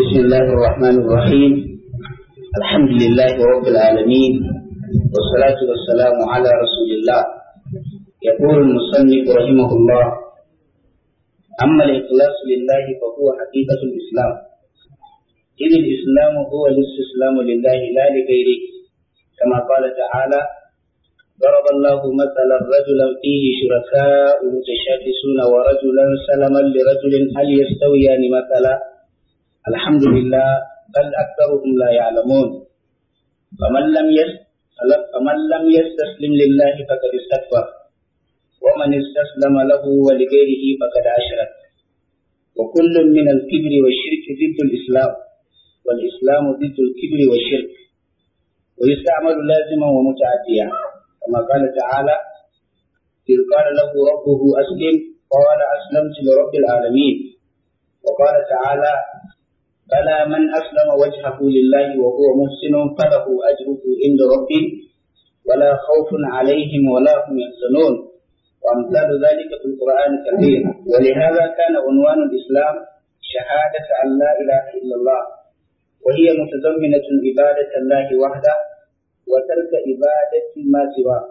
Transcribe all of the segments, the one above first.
بسم الله الرحمن الرحيم الحمد لله رب العالمين والصلاة والسلام على رسول الله يقول المصنف رحمه الله أما الإخلاص لله فهو حقيقة الإسلام إذ الإسلام هو الاستسلام لله لا لغيره كما قال تعالى ضرب الله مثلا رجلا فيه شركاء متشاكسون ورجلا سلما لرجل هل يستويان مثلا الحمد لله بل أكثرهم لا يعلمون فمن لم فمن لم يستسلم لله فقد استكبر ومن استسلم له ولغيره فقد أشرك وكل من الكبر والشرك ضد الإسلام والإسلام ضد الكبر والشرك ويستعمل لازما ومتعديا كما قال تعالى إذ قال له ربه أسلم قال أسلمت لرب العالمين وقال تعالى فلا من أسلم وجهه لله وهو محسن فله أجره عند ربه ولا خوف عليهم ولا هم يحزنون وأمثال ذلك في القرآن كثير ولهذا كان عنوان الإسلام شهادة أن لا إله إلا الله وهي متضمنة عبادة الله وحده وترك عبادة ما سواه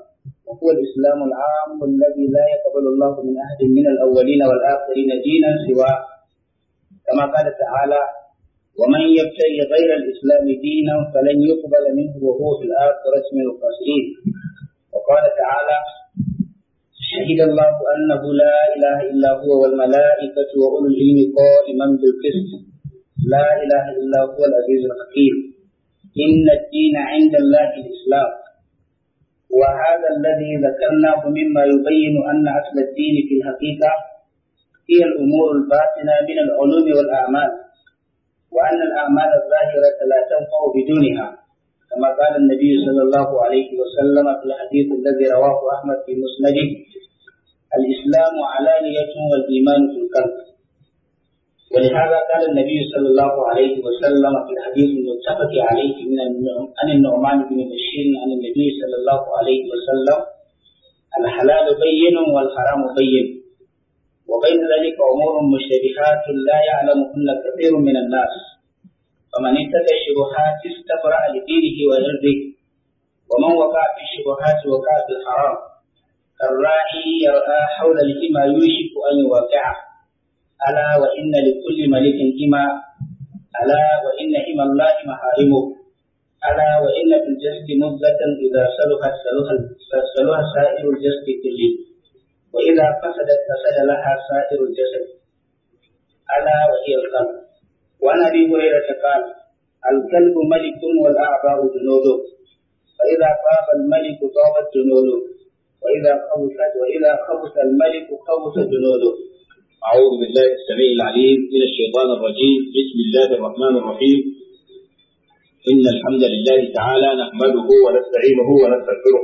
وهو الإسلام العام الذي لا يقبل الله من أحد من الأولين والآخرين دينا سواه كما قال تعالى ومن يبتغي غير الإسلام دينا فلن يقبل منه وهو في الآخرة من الخاسرين وقال تعالى شهد الله أنه لا إله إلا هو والملائكة وأولو العلم قائما بالقسط لا إله إلا هو العزيز الحكيم إن الدين عند الله الإسلام وهذا الذي ذكرناه مما يبين أن أصل الدين في الحقيقة هي الأمور الباطنة من العلوم والأعمال وأن الأعمال الظاهرة لا تنفع بدونها كما قال النبي صلى الله عليه وسلم في الحديث الذي رواه أحمد في مسنده الإسلام علانية والإيمان في القلب ولهذا قال النبي صلى الله عليه وسلم في الحديث المتفق عليه من عن النعمان بن بشير عن النبي صلى الله عليه وسلم الحلال بين والحرام بين وبين ذلك أمور مشتبهات لا يعلمهن كثير من الناس فمن اتقى الشبهات استبرأ لدينه وعرضه ومن وقع في الشبهات وقع في الحرام كالراعي يرعى حول الإمى يوشك أن يوقعه ألا وإن لكل ملك إمى ألا وإن إمى الله محارمه ألا وإن في الجسد مدة إذا سلخت سلخ سلخ سائر الجسد كله وإذا فسدت فسد لها سائر الجسد ألا وهي القلب وعن أبي هريرة قال الكلب ملك والأعضاء جنوده فإذا طاب الملك طابت جنوده وإذا خوفت وإذا خوف الملك خوف جنوده أعوذ بالله السميع العليم من الشيطان الرجيم بسم الله الرحمن الرحيم إن الحمد لله تعالى نحمده ونستعينه ونستغفره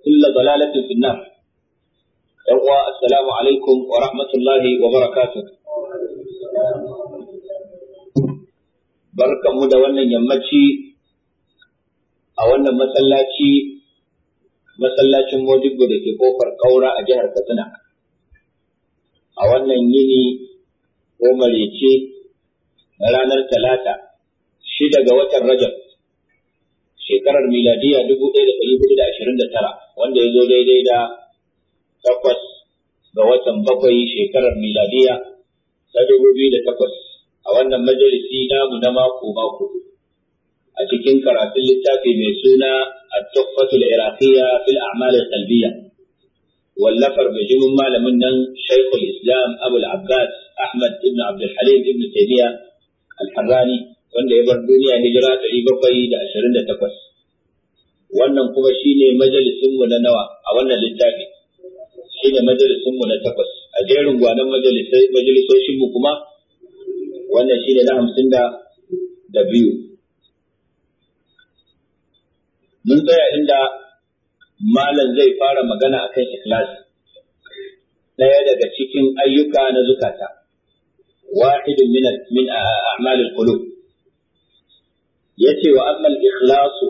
وكل ضلالة في النار يوم alaikum عليكم ورحمة الله وبركاته barkan mu da wannan yammaci a wannan masallaci masallacin da ke kofar kaura a jihar Katsina a wannan yini ko marece ranar talata shida ga watan Rajab shekarar miladiya dubu ɗaya da da da ashirin tara, wanda ya zo daidai da takwas ga watan bakwai shekarar miladiya ta dubu biyu da takwas, a wannan majalisi namu na mako mako a cikin karatun littafi mai suna at-tuhfatul iraqiyya fil a'mal al-qalbiyya wallafar bijimin malamin nan shaykhul islam abul abbas ahmad ibn abd halim ibn taymiya al-harrani wanda ya bar duniya hijira ɗari bakwai da ashirin da takwas wannan kuma shi ne majalisinmu na nawa a wannan littafi ne majalisinmu na takwas a jerin gwanon majalisoshinmu kuma wannan shi ne na hamsin da biyu mun tsaya inda malam zai fara magana a kan ikilasi. ɗaya daga cikin ayyuka na zukata wahidun min a'malin qulub ya ce wa ammal ikhlasu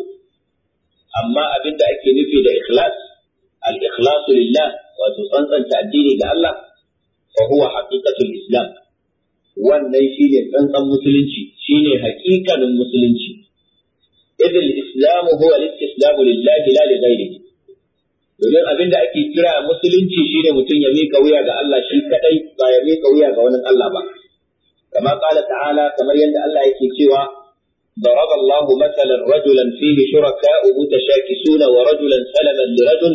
amma abin da ake nufi da ikhlas al-ikhlasu lillah wato tsantsanta addini ga Allah fa huwa haqiqatul islam wannan shine tsantsan musulunci shine haƙiƙanin musulunci idil islamu huwa al-islamu lillahi la li ghayrihi domin abin da ake kira musulunci shine mutum ya mika wuya ga Allah shi kadai ba ya mika wuya ga wani Allah ba kama kala ta'ala kamar yadda Allah yake cewa ضرب الله مثلا رجلا فيه شركاء متشاكسون ورجلا سلما لرجل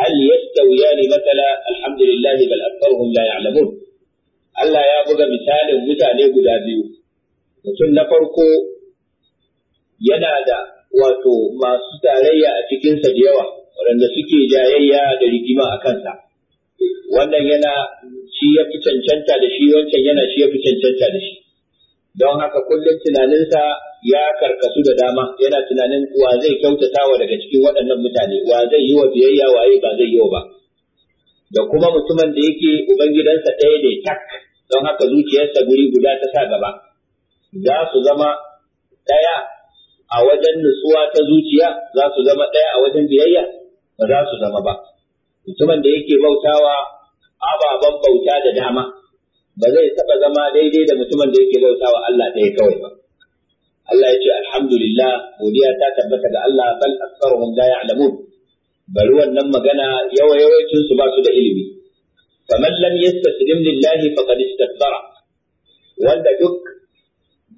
هل يستويان مثلا الحمد لله بل أكثرهم لا يعلمون Allah ya buga misalin mutane guda biyu, mutum na farko yana da wato masu tarayya a cikinsa da yawa, waɗanda suke jayayya da rigima a kansa. Wannan yana shi ya fi cancanta da shi, wancan yana shi ya fi cancanta da shi. don haka kullum tunaninsa ya karkasu da dama yana tunanin wa zai kyautatawa daga cikin waɗannan mutane wa zai yi wa biyayya waye ba zai yi wa ba da kuma mutumin da yake ubangidansa ɗaya ne tak don haka zuciyarsa guri guda ta sa gaba za su zama ɗaya a wajen nutsuwa ta zuciya za su zama ɗaya a wajen biyayya ba za su zama ba mutumin da yake bautawa ababen bauta da dama ba zai taɓa zama daidai da mutumin da yake bauta wa Allah ɗaya kawai ba. Allah ya ce alhamdulillah godiya ta tabbata ga Allah bal aktsaruhum la ya'lamun bari wannan magana yawa yawancin su ba su da ilimi faman lam yastaslim lillahi faqad istakbara wanda duk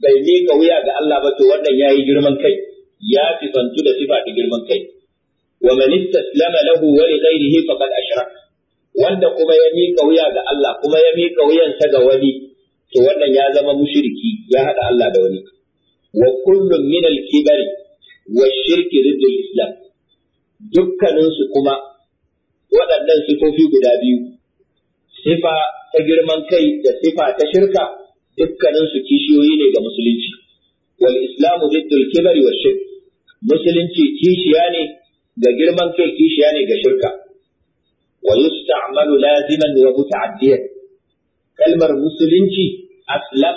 bai mika wuya ga Allah ba to wannan yayi girman kai ya sifantu da sifa ta girman kai wa man istaslama lahu wa li ghayrihi faqad ashraka wanda kuma ya miƙa wuya ga Allah kuma ya miƙa wuyansa ga wani to wannan ya zama mushriki ya haɗa Allah da wani wa kullum min al kibr wa shirki riddul islam dukkanin su kuma waɗannan sifofi guda biyu sifa ta girman kai da sifa ta shirka dukkanin su kishiyoyi ne ga musulunci wal islamu riddul kibr wa shirk musulunci kishiya ne ga girman kai kishiya ne ga shirka ويستعمل لازما ومتعديا كلمة مسلنشي أسلم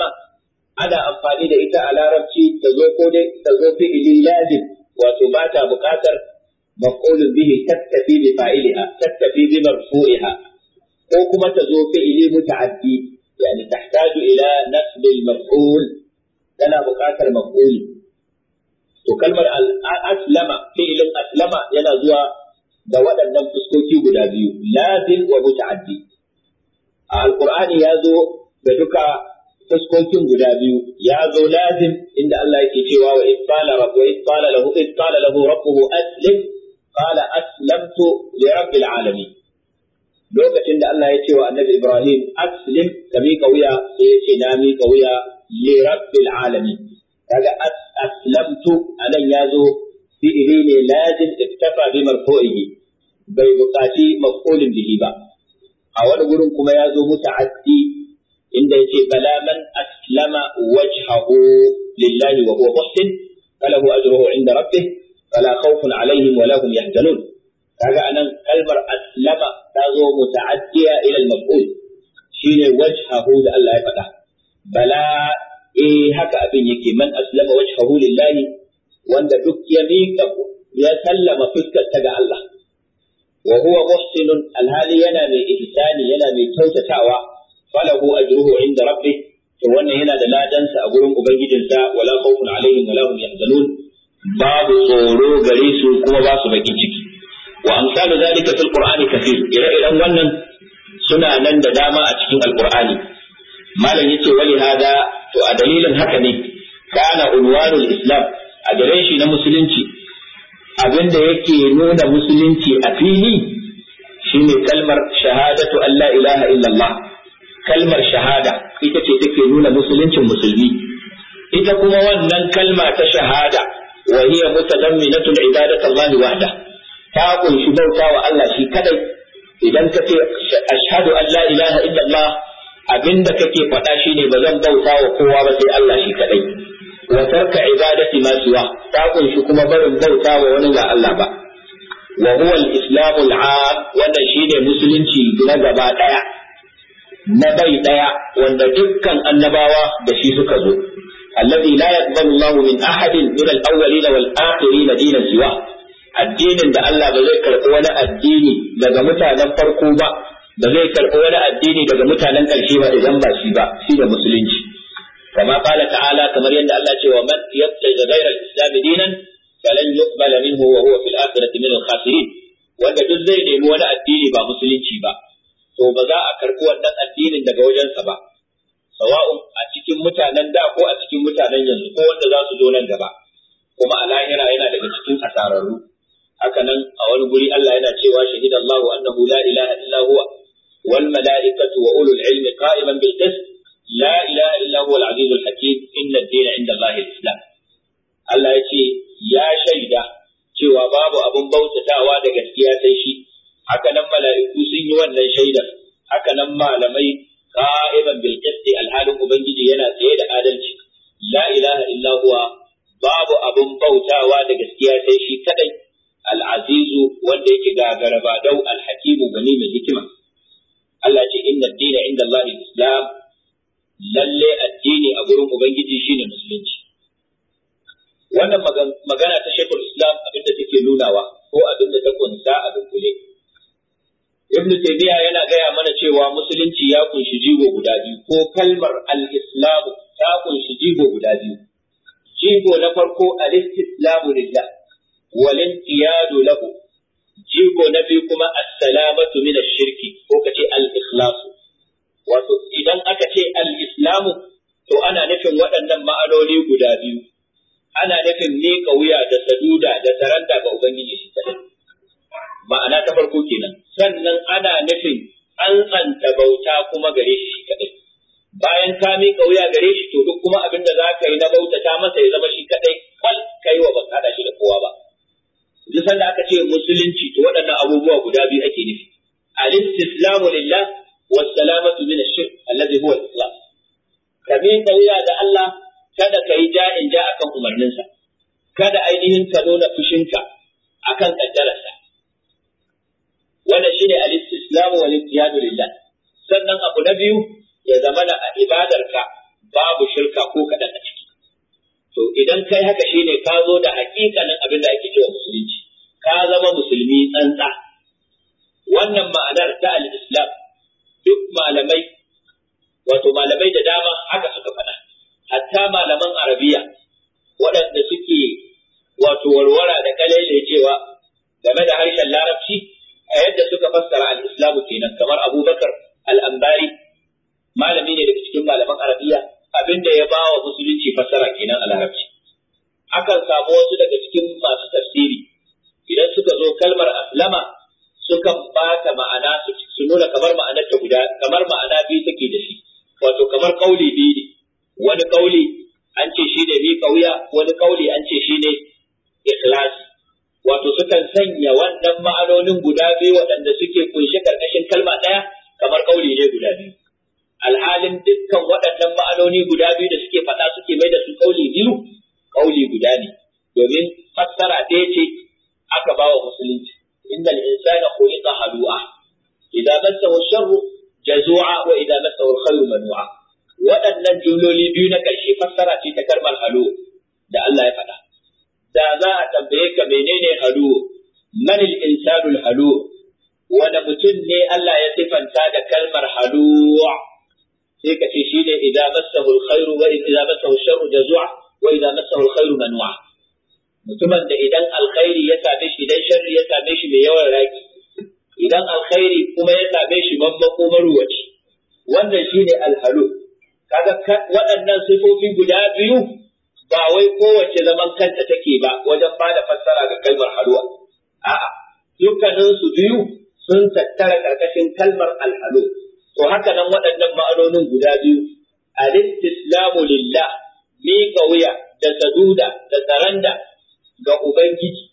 أنا أمفاني دا إتا على ربشي تزوكو دي تزوكي إلي لازم وتباتا بقاتر مفعول به تكتفي بفاعلها تكتفي بمرفوعها وكما تزوكي إلي متعدي يعني تحتاج إلى نسب المفعول لنا بقاتر مفعول to kalmar aslama fi'ilin aslama yana zuwa da waɗannan fuskoki guda biyu lazim wa muta'addi a alqur'ani ya zo da duka fuskokin guda biyu ya zo lazim inda Allah yake cewa wa isqala rabbu isqala lahu isqala lahu rabbuhu aslim qala aslamtu li rabbil alamin lokacin da Allah ya ce wa annabi Ibrahim aslim ka miƙa wuya sai ya ce na miƙa wuya li rabbil alamin kaga aslamtu anan ya zo fi'ili ne lazim ittafa bi marfu'ihi bai buƙaci maf'ulin bihi ba a wani gurin kuma ya zo muta'addi inda yake bala man aslama wajhahu lillahi wa huwa muhsin falahu ajruhu inda rabbih fala khawfun alaihim wa lahum yahzanun kaga anan kalmar aslama ta zo muta'addiya ila al-maf'ul shine wajhahu da Allah ya faɗa bala eh haka abin yake man aslama wajhahu lillahi wanda duk ya miƙa ya sallama fuskarta ga Allah wa huwa muhsinun alhali yana mai ihsani yana mai kyautatawa falahu ajruhu inda rabbi to wannan yana da ladansa a gurin ubangijinsa wala khawfun alaihim wala hum yahzanun babu tsoro gare su kuma ba su bakin ciki wa amsalu zalika fil qur'ani kathir ire-iren wannan suna nan da dama a cikin alqur'ani malam yace wali hada to a dalilin haka ne kana unwanul islam a gare shi na musulunci abin da yake nuna musulunci a fili shine kalmar shahadatu Allah ilaha illallah kalmar shahada ita ce take nuna musuluncin musulmi ita kuma wannan kalma ta shahada wa hiya mutadamminatu ibadat Allah wahda ta kunshi bauta wa Allah shi kadai idan ka ce ashhadu an la ilaha illallah abinda kake faɗa shine ba zan bauta wa kowa ba sai Allah shi kadai wa tarka ibadati ma siwa ta kunshi kuma barin bauta wa wani ga Allah ba wa huwa al-islam al-aam shine musulunci na gaba daya na bai daya wanda dukkan annabawa da shi suka zo الذي لا min ahadin من أحد من الأولين na دينا سواه addinin da Allah ba zai karɓi wani addini daga mutanen farko ba ba zai karɓi wani addini daga mutanen ƙarshe ba idan ba shi ba shi da musulunci kama qala ta'ala kamar yadda Allah ce wa man yattaji ghayra al-islam dinan falan yuqbala minhu wa huwa fil khasirin wanda duk zai nemi wani addini ba musulunci ba to ba za a karɓi wannan addinin daga wajensa ba sawa'un a cikin mutanen da ko a cikin mutanen yanzu ko wanda za su zo nan gaba kuma a lahira yana daga cikin asararru haka nan a wani guri Allah yana cewa shahidallahu annahu la ilaha illa huwa wal mala'ikatu wa ulul ilmi qa'iman bil qist la ilaha illa huwa al al-hakim inna dina inda Allah al-islam Allah ya ce ya shaida cewa babu abun bautatawa da gaskiya sai shi haka nan sun yi wannan shaidar haka nan malamai qa'iman bil al'adun alhalin ubangiji yana tsaye da adalci la illa huwa babu abun bautawa da gaskiya sai shi kadai al-azizu wanda yake gagaraba dau al-hakimu gani mai Allah ce dina inda Allah lalle addini a gurin ubangiji shine musulunci wannan magana ta shekul islam abinda take nunawa ko abinda ta kunsa a dunkule ibn taymiya yana gaya mana cewa musulunci ya kunshi jigo guda biyu ko kalmar al-islam ta kunshi jigo guda biyu jigo na farko al islam lillah wal inqiyadu lahu jigo na biyu kuma as-salamatu min ash-shirki ko kace al-ikhlasu wato idan aka ce al-islamu to ana nufin waɗannan ma'anoni guda biyu ana nufin miƙa wuya da saduda da saranda ga ubangiji shi kadai ma'ana ta farko kenan sannan ana nufin an tsanta bauta kuma gare shi shi kadai bayan ka miƙa wuya gare shi to duk kuma abin da za ka yi na ta masa ya zama shi kadai kal kai wa ban hada shi da kowa ba duk sanda aka ce musulunci to waɗannan abubuwa guda biyu ake nufi al-islamu lillah والسلامة من الشرك الذي هو الإسلام كمين قوية دا الله kada ka yi ja'in ja akan umarninsa, kada ainihin ka nuna fushinka akan kaddararsa. Wannan shi ne al'islamu wa liyadu lillah. Sannan abu na biyu ya zama na a ibadarka babu shirka ko kaɗan a ciki. To idan kai haka shi ne ka zo da hakikanin abin da ake cewa musulunci, ka zama musulmi tsantsa. Wannan ma'anar ta al'islam duk malamai wato malamai da dama haka suka faɗa hatta malaman arabiya waɗanda suke wato warwara da kalele cewa game da harshen larabci a yadda suka fassara al-islamu kenan kamar abubakar al-ambari malami ne daga cikin malaman arabiya abinda ya ba wa musulunci fassara kenan a larabci akan samu wasu daga cikin masu tafsiri idan suka zo kalmar aslama sukan ba ta ma'ana su nuna kamar ma'anar ta guda kamar ma'ana biyu take da shi wato kamar kauli biyu ne wani kauli an ce shi ne bi kauya wani kauli an ce shi ne ikhlasi wato sukan sanya wannan ma'anonin guda biyu waɗanda suke kunshe karkashin kalma ɗaya kamar kauli ne guda biyu alhalin dukkan waɗannan ma'anoni guda biyu da suke faɗa suke mai da su kauli biyu kauli guda ne domin fassara ɗaya ce aka ba wa musulunci inna al-insana khuliqa halu'a idza massahu sharru jazu'a wa idza massahu al-khayru manu'a waɗannan jumloli biyu na ƙarshe fassara ce ta karbar halu da Allah ya faɗa da za a tambaye ka menene halu man al-insanu al-halu wanda mutum ne Allah ya sifanta da kalmar halu'a sai ka ce shine idza massahu al-khayru wa idza massahu sharru jazu'a wa idza massahu al-khayru mutumin da idan alkhairi ya same shi idan sharri ya same shi mai yawan raki idan alkhairi kuma ya same shi mammako maruwaci wannan shi shine alhalu kaga waɗannan sifofi guda biyu ba wai kowace zaman kanta take ba wajen ba da fassara ga kalmar haluwa. a'a dukkanin su biyu sun tattara karkashin kalmar alhalu to haka nan waɗannan ma'anonin guda biyu alistislamu lillah miƙa wuya da saduda da saranda ga Ubangiji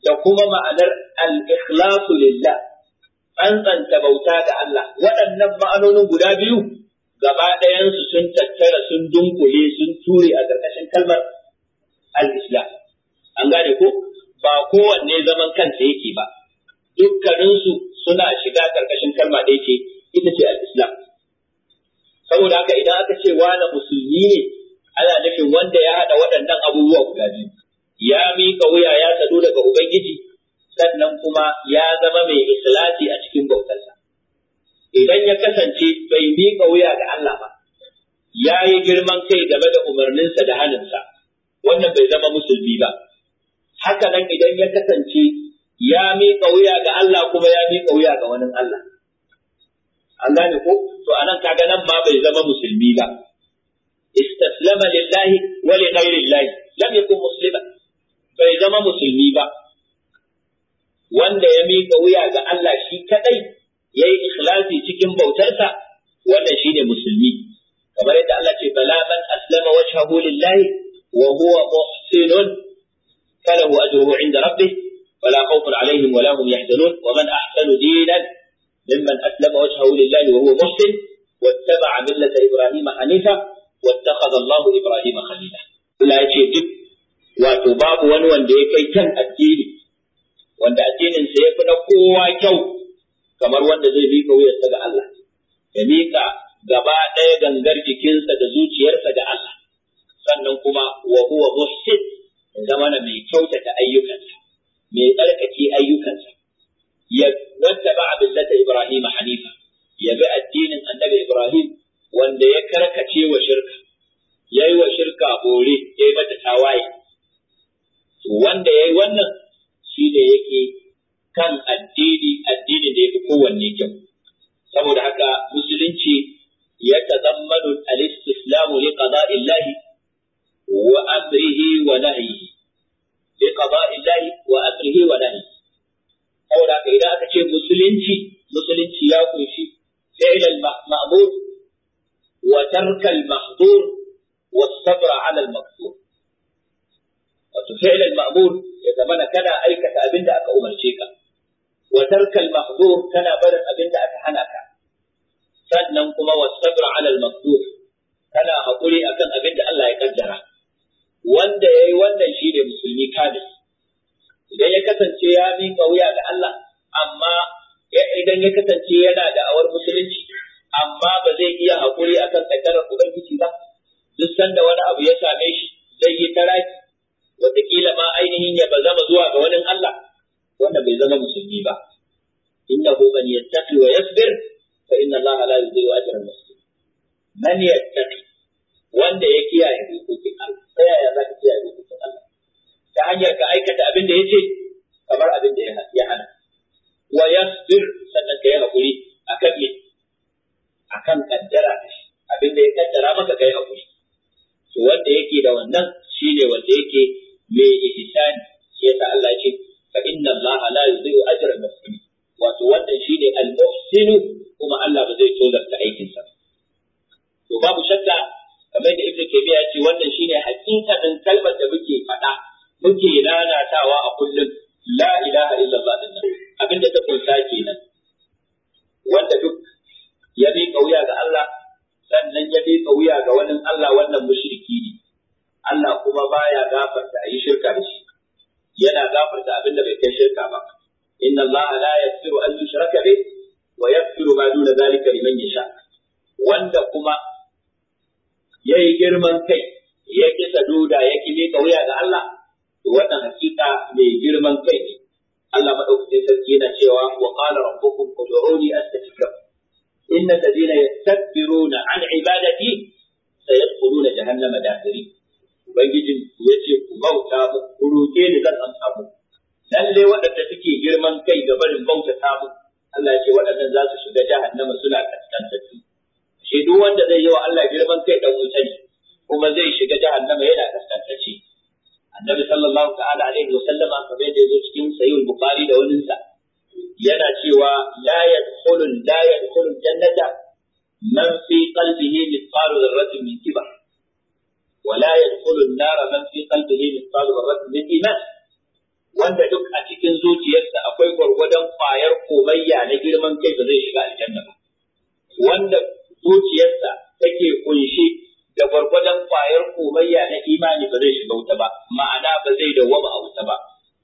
da kuma ma'anar al-ikhlasu lillah tsantsanta bauta ga Allah waɗannan ma'anonin guda biyu gaba ɗayansu sun tattara sun dunkule sun ture a ƙarƙashin kalmar al-islam an gane ko ba kowanne zaman kansa yake ba dukkaninsu suna shiga ƙarƙashin kalma da yake ita ce al-islam saboda haka idan aka ce na musulmi ne ana nufin wanda ya haɗa waɗannan abubuwa guda biyu ya miƙa wuya ya sadu daga ubangiji sannan kuma ya zama mai islati a cikin bautarsa idan ya kasance bai miƙa wuya ga Allah ba ya yi girman kai game da umarninsa da haninsa wannan bai zama musulmi ba haka nan idan ya kasance ya miƙa wuya ga Allah kuma ya miƙa wuya ga wani Allah an gane ko to anan kaga nan ma bai zama musulmi ba istaslama lillahi wa li ghayri lillahi lam yakun musliman bai zama musulmi ba wanda ya miƙa wuya ga Allah shi kaɗai ya yi ikhlasi cikin bautarsa wannan shine musulmi kamar yadda Allah ce bala man aslama wajhahu lillahi wa huwa muhsinun falahu ajruhu inda rabbih ولا خوف عليهم ولا هم يحزنون ومن أحسن دينا ممن أسلم وجهه لله وهو محسن واتبع ملة إبراهيم حنيفا واتخذ الله إبراهيم خليلا لا يجي wato babu wani wanda ya kai kan addini wanda addininsa ya yafi na kowa kyau kamar wanda zai bika wuyarsa ga Allah ya mika gaba ɗaya gangar jikinsa da zuciyarsa ga Allah sannan kuma wa huwa muhsin zama na mai kyautata ayyukansa mai tsarkake ayyukansa ya wanda ba billata Ibrahim hanifa ya bi addinin annabi Ibrahim wanda ya karkace wa shirka yayi wa shirka bore yayi mata tawaye Wanda ya yi wannan shi ne yake kan addini addini da ya fi kowanne kyau saboda haka musulunci ya tazammanu al-istislamu li qada'illahi wa amrihi wa nahyihi li qada'illahi wa amrihi wa nahyihi saboda haka idan aka ce musulunci musulunci ya kunshi fi'l al-ma'mur wa tark al wa Sabra Alal 'ala al wato fi'l al-ma'mur ya zamana kana aikata abin da aka umarce ka wa tarkal mahzur kana barin abin da aka hana ka sannan kuma wasabr 'ala al-maqdur kana hakuri akan abin da Allah ya kaddara wanda yayi wannan shi ne musulmi kamil idan ya kasance ya miƙa wuya ga Allah amma idan ya kasance yana da awar musulunci amma ba zai iya hakuri akan tsakarar ubangiji ba duk sanda wani abu ya same shi zai yi taraki wataƙila ma ainihin ya bazama zuwa ga wani Allah wanda bai zama musulmi ba Inna hu man yattaqi wa yasbir fa inna Allah la yudhi'u ajra al-muslim man yattaqi wanda ya kiyaye dokokin Allah sai yaya za ka kiyaye dokokin Allah ta hanyar ka aikata abin da yace kamar abin da ya hana wa yasbir sannan ka yi hakuri akan me akan kaddara abin da ya kaddara maka kai hakuri to wanda yake da wannan shine wanda yake me ihsani shi yasa Allah ce fa inna Allah la yudhi'u ajra al-muhsin wato wannan shine al-muhsin kuma Allah ba zai tozarta aikin sa to babu shakka kamar da Ibn Taymiyyah ya ce wannan shine hakikanin kalmar da muke faɗa muke lalatawa a kullum la ilaha illallah din nan abinda ta kunsa kenan wanda duk ya bi kauya ga Allah sannan ya bi kauya ga wani Allah wannan mushriki ne Allah kuma baya gafarta a yi shirka da shi yana gafarta abin da bai kai shirka ba inna Allah la yaghfiru an yushraka bih wa yaghfiru ma duna zalika liman yasha wanda kuma yayi girman kai ya kisa duda ya kime kauya ga Allah to wannan hakika mai girman kai ne Allah maɗaukacin sarki yana cewa wa qala rabbukum ud'uni astajib lakum inna alladhina yastakbiruna an ibadati sayadkhuluna jahannama dakhirin ubangijin ya ce ku bauta mu ku roƙe ni zan amsa mu lalle waɗanda suke girman kai ga barin bauta ta mu Allah ce waɗannan za su shiga jahannama suna kaskantattu shi duk wanda zai yi wa Allah girman kai dan wuta ne kuma zai shiga jahannama yana kaskantacce annabi sallallahu ta'ala alaihi wasallama kamar yadda yazo cikin sahih bukhari da wani sa yana cewa la yadkhulu la yadkhulu jannata man fi qalbihi mithqalu dharratin min kibar ولا يدخل النار من في قلبه مثقال ذرة من إيمان wanda duk a cikin zuciyarsa akwai gwargwadon kwayar komayya na girman kai ba zai shiga aljanna ba wanda zuciyarsa take kunshi da gwargwadon kwayar komayya na imani ba zai shiga wuta ba ma'ana ba zai dawwama a wuta ba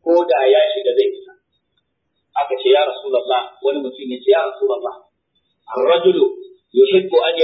ko da ya shiga zai fita aka ce ya rasulullah wani mutum ya ce ya rasulullah ar-rajulu yuhibbu an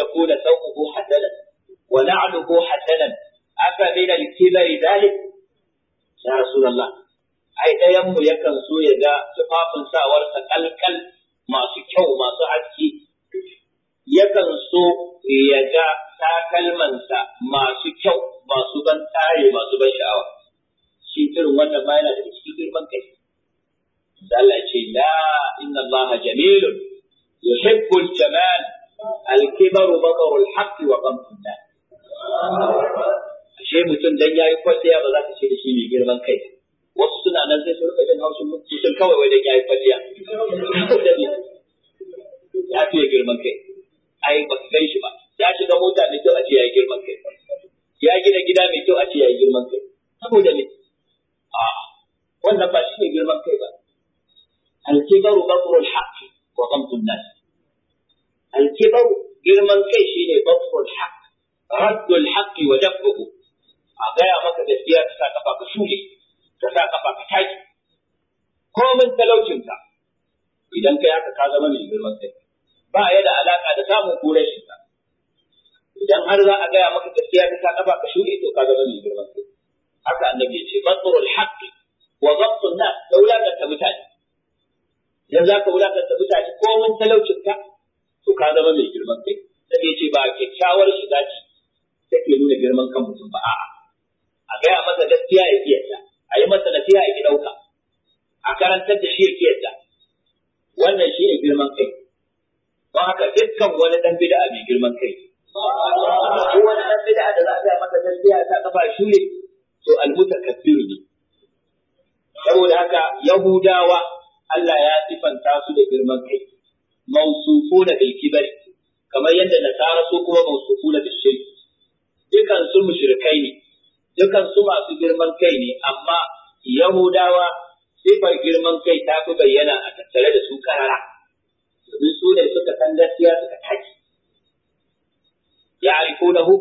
ya'rifunahu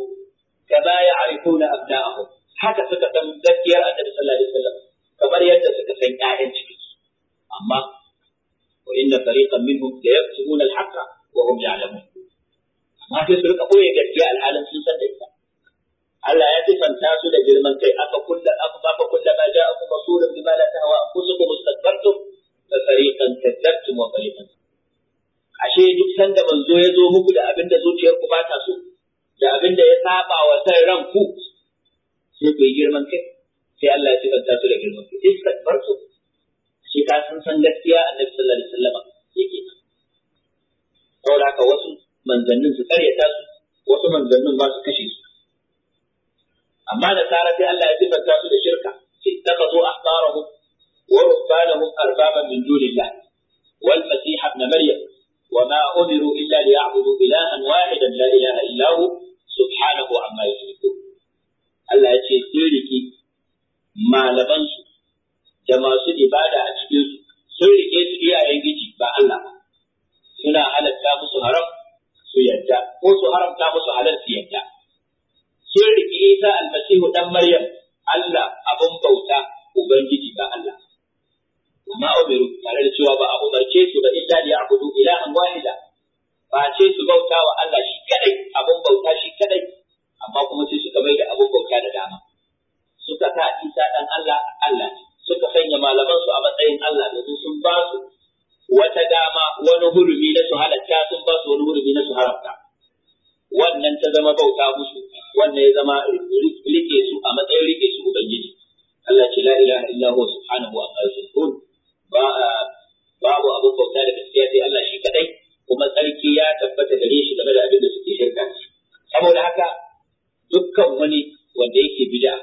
kama ya'rifuna abna'ahum haka suka san gaskiyar annabi sallallahu alaihi wasallam kamar yadda suka san ƴaƴan ciki, amma wa inna fariqan minhum la yaktubuna al-haqqa wa hum ya'lamun amma sai su rika koyi gaskiya alhalin sun san da ita Allah ya sifanta su da girman kai aka kulla aka baka kulla ma ja'akum rasulun bima la tahwa anfusukum istakbartum fa fariqan kadzabtum wa fariqan ashe duk sanda manzo ya zo muku da abinda zuciyarku ba ta so da abin da ya saba wa san ran ku sai ku yi girman kai sai Allah ya sifanta su da girman kai istakbar su shi ka san san gaskiya annabi sallallahu alaihi wasallam yake nan saboda haka wasu manzannin su karyata su wasu manzannin ba su kashe su amma da tsara sai Allah ya sifanta su da shirka sai takazo ahbarahum wa rubbanahum arbaban min dunillah wal masih ibn maryam وما أمروا إلا ليعبدوا إلها واحدا لا إله إلا هو subhanahu amma yushrikun Allah ya ce sun riki malamansu su da masu ibada a cikin su sun rike su iyayen giji ba Allah ba suna halatta musu haram su yadda ko su haramta musu halal su yadda sun riki Isa almasihu dan Maryam Allah abun bauta ubangiji ba Allah Kuma umiru tare da cewa ba a umarce su ba illa ya abudu ilahan wahida ba ce su bauta wa Allah shi kadai abin bauta shi kadai amma kuma sai suka mai da abin bauta da dama suka sa Isa dan Allah Allah suka sanya malaman su a matsayin Allah domin sun ba su wata dama wani hurumi na su halatta sun ba su wani hurumi na su haramta wannan ta zama bauta musu wannan ya zama rike su a matsayin rike su ubangiji Allah ce la ilaha illahu huwa subhanahu wa ta'ala babu abin bauta da gaskiya sai Allah shi kadai kuma tsarki ya tabbata gare shi game da abin da suke shirka saboda haka dukkan wani wanda yake bid'a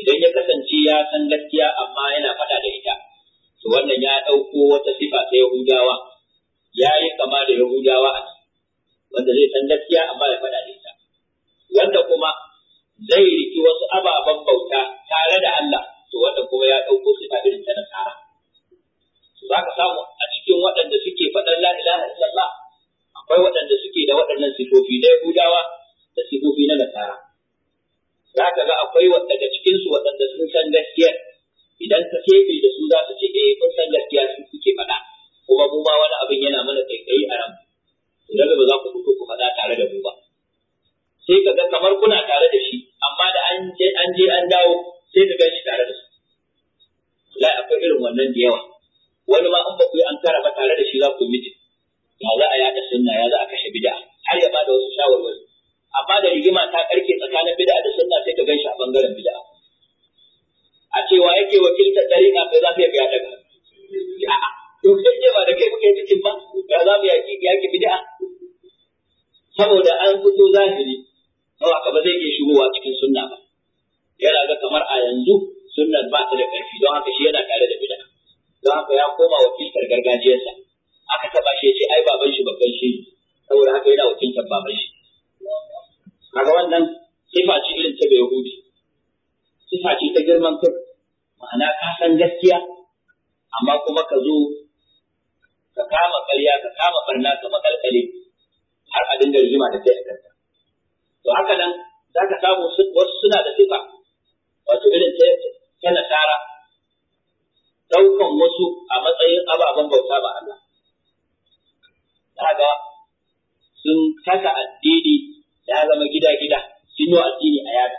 idan ya kasance ya san gaskiya amma yana faɗa da ita to wannan ya ɗauko wata sifa ta yahudawa ya yi kama da yahudawa a wanda zai san gaskiya amma ya faɗa da ita wanda kuma zai riki wasu ababen bauta tare da Allah to wanda kuma ya ɗauko sifa irin ta nasara za ka samu a cikin waɗanda suke faɗar la ilaha illallah akwai waɗanda suke da waɗannan sifofi na Yahudawa da sifofi na Nasara. Za ka ga akwai daga cikinsu waɗanda sun san gaskiya idan ka keɓe da su za su ce eh kun san gaskiya su suke faɗa kuma mu ma wani abin yana mana kai-kai a ran idan ba za ku fito ku faɗa tare da mu ba. Sai ka ga kamar kuna tare da shi amma da an je an dawo sai ka gan shi tare da su. Lai akwai irin wannan da yawa. wani ma an ba ku yi an kara ba tare da shi za ku miji ya za a yaɗa sunna ya za a kashe bid'a har ya bada wasu shawarwari amma da rigima ta karke tsakanin bid'a da sunna sai ka ganshi a bangaren bid'a a cewa yake wakiltar dariƙa sai za ta yi daga to kai ce ba da kai kuke yi cikin ba ya za mu yaki yaki bid'a saboda an fito zahiri kawai haka ba zai iya shigowa cikin sunna ba yana ga kamar a yanzu sunnar ba ta da ƙarfi don haka shi yana tare da bid'a don haka ya koma wakiltar gargajiyarsa aka taba shi ce ai baban shi babban shi saboda haka yana wakiltar baban shi kaga wannan sifa ce irin ta yahudi sifa ce ta girman kai ma'ana ka san gaskiya amma kuma ka zo ka kama ƙarya ka kama barna ka makalkale har a dinga rigima da kai a kanta to haka nan za ka samu wasu suna da sifa wato irin ta nasara ɗaukan wasu a matsayin ababen bauta ba Allah. Kaga sun kasa addini ya zama gida-gida, sun yi addini a yada.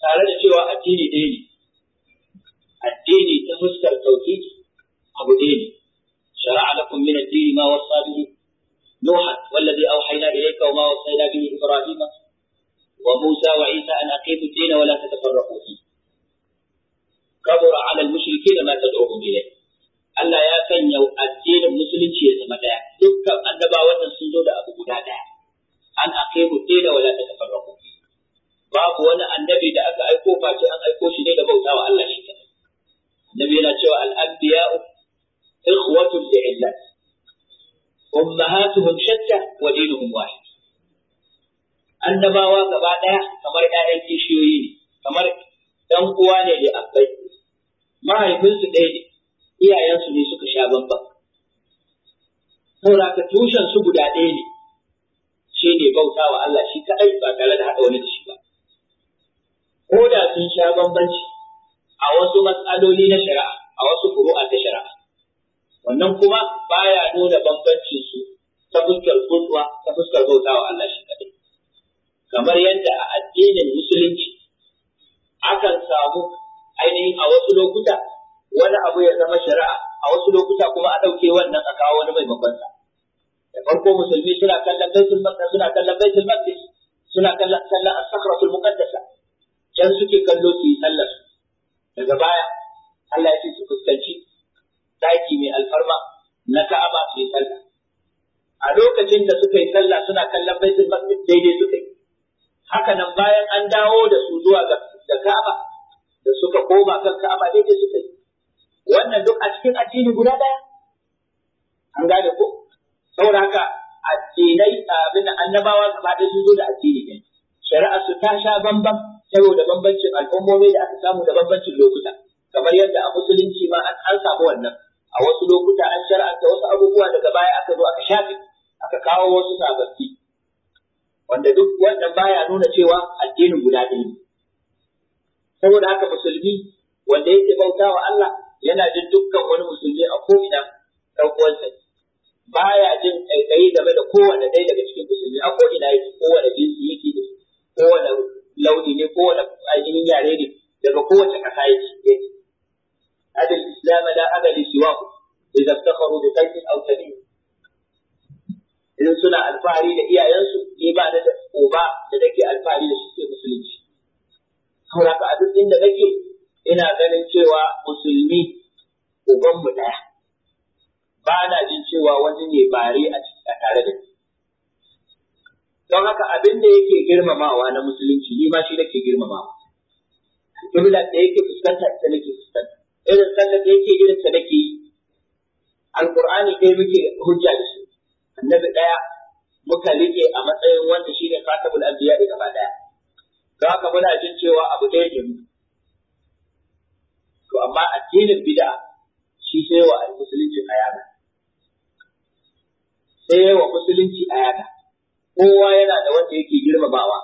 Tare da cewa addini ɗaya ne, addini ta fuskar sauƙi abu ɗaya ne. شرع لكم من الدين ya وصى به نوحا والذي أوحينا إليك وما وصينا به إبراهيم وموسى وعيسى أن أقيموا wala ta تتفرقوا فيه kabura ala al-mushriki da ma tad'uhum ilayh Allah ya sanya addinin musulunci ya zama daya dukkan annabawan nan sun zo da abu guda daya an aqimu da wala tatafarraqu babu wani annabi da aka aiko face an aiko shi ne da bautawa Allah shi kadai annabi yana cewa al-anbiya'u ikhwatun li'illat ummahatuhum shatta wa dinuhum wahid annabawa gaba daya kamar ƴaƴan kishiyoyi ne kamar dan uwa ne da abbai mahaifinsu ɗaya ne iyayensu ne suka sha bamban saboda tushen su guda ɗaya ne shi ne bauta wa Allah shi kaɗai ba tare da haɗa wani da shi ba ko da sun sha bambanci a wasu matsaloli na shari'a a wasu kuru'a ta shari'a wannan kuma baya nuna bambancin su ta fuskar gudwa ta fuskar bauta wa Allah shi kaɗai kamar yadda a addinin musulunci akan samu ainihin a wasu lokuta wani abu ya zama shari'a a wasu lokuta kuma a ɗauke wannan a kawo wani maimakon sa da farko musulmi suna kallon baitul maqdis suna kallon baitul maqdis suna kallon sallar as-sakratul muqaddasa can suke kallo su yi sallar daga baya Allah ya ce su fuskanci daki mai alfarma na Ka'aba su yi sallah a lokacin da suka yi sallah suna kallon baitul maqdis daidai suka yi haka nan bayan an dawo da su zuwa ga Ka'aba da suka koma kan Ka'aba daidai suka yi wannan duk a cikin addini guda ɗaya? an gane ko saboda haka addinai abin annabawa gaba ɗaya sun zo da addini ne shari'ar su ta sha bambam saboda bambancin al'ummomi da aka samu da bambancin lokuta kamar yadda a musulunci ma an samu wannan a wasu lokuta an shari'anta wasu abubuwa daga baya aka zo aka shafe aka kawo wasu sababbi wanda duk wannan baya nuna cewa addinin guda ɗaya ne saboda haka musulmi wanda yake bauta wa Allah yana jin dukkan wani musulmi a ko'ina ɗan uwansa baya jin ƙaiƙayi game da kowane ɗaya daga cikin musulmi a ko'ina yake kowane jinsi yake ne kowane launi ne kowane ainihin yare ne daga kowace ƙasa yake هذا الإسلام لا أبا سواه إذا افتخروا بقيد أو سبيل إذا da الفاري لإيا da إيمان alfahari da shi ke musulunci. saboda a duk inda kake ina ganin cewa musulmi ubanmu ɗaya ba na jin cewa wani ne bare a tare da ni don haka abin da yake girmamawa na musulunci ni ma shi nake girmamawa jumla da yake fuskanta ita nake fuskanta irin sallar da yake irin ta nake yi Alƙur'ani dai muke hujja da shi annabi ɗaya muka rike a matsayin wanda shi ne fatabul anbiya da gaba ɗaya. za ka muna jin cewa abu ɗaya ke mutu to amma addinin bid'a shi sai wa musulunci ayyana. sai wa musulunci ayyana. kowa yana da wanda yake girmamawa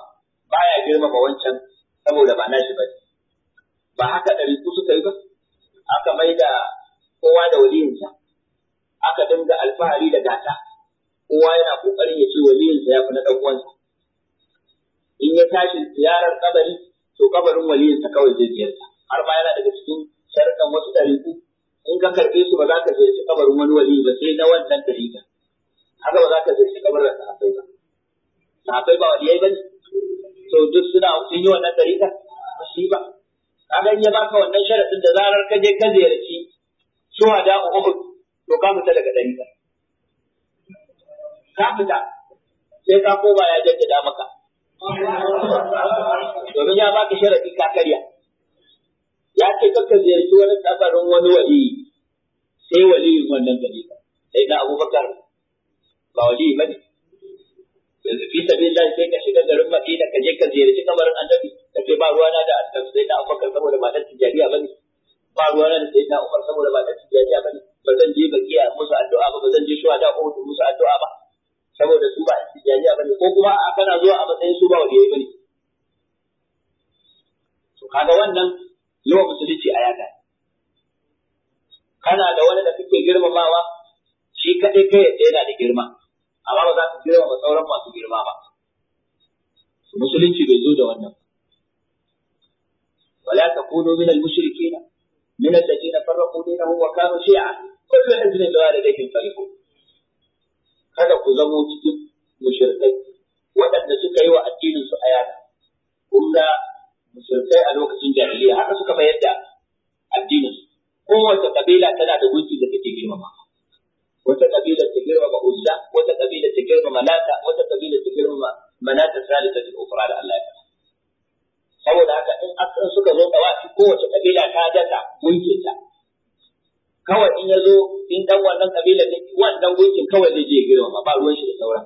baya girmama wancan saboda ba nashi ba ba haka ɗari ku suka yi ba aka mai da kowa da waliyinsa aka dinga alfahari da gata kowa yana kokarin ya ce waliyinsa ya fi na ɗan uwansa in ya tashi ziyarar kabari to kabarin waliyinsa kawai zai ziyarta har ma yana daga cikin sharadan wasu ɗariku in ka karbe su ba za ka ziyarci kabarin wani wali ba sai na wannan ɗariƙa haka ba za ka ziyarci kabarin sahabbai ba sahabbai ba waliyai ba ne to duk suna sun yi wannan ka, ba su yi ba kaga in ya baka wannan sharadin da zarar ka je ka ziyarci da uhud to ka fita daga ɗariƙa ka fita sai ka koma ya jaddada maka domin ya baka sharaɗi ka karya ya ce kakka ziyarci wani tsabarin wani wali sai wali wannan gari sai na abubakar ba wali ba ne yanzu fi sabi Allah sai ka shiga garin Madina ka je ka ziyarci kamar annabi ka ce ba ruwana da annabi sai na abubakar saboda ba dan tijariya ba ne ba ruwana da sai na umar saboda ba dan tijariya ba ne ba zan je bakiya musu addu'a ba ba zan je da ko musu addu'a ba saboda su ba a ba ne, ko kuma a kana zuwa a matsayin su ba ba ne. to kaga wannan yawa musulunci a yaka kana da wani da kake girmamawa shi kaɗai kai yadda yana da girma amma ba za ka girmama sauran masu girma ba musulunci bai zo da wannan ولا تكونوا من المشركين من الذين فرقوا دينهم وكانوا شيعا كل حزب بما لديهم فريقون kada ku zamo cikin mushrikai waɗanda suka yi wa addininsu su ayana kun ga mushrikai a lokacin jahiliya haka suka mayar da addinin su kowace kabila tana da gunki da take girmama wata kabila ta girmama uzza wata kabila ta girmama lata wata kabila ta girmama manata salisatu ukhra da Allah ya saboda haka in suka zo wasu, kowace kabila ta dasa gunkinta kawai in ya zo in dan wannan kabilar ne wannan gunkin kawai zai je girma ba ruwan shi da sauran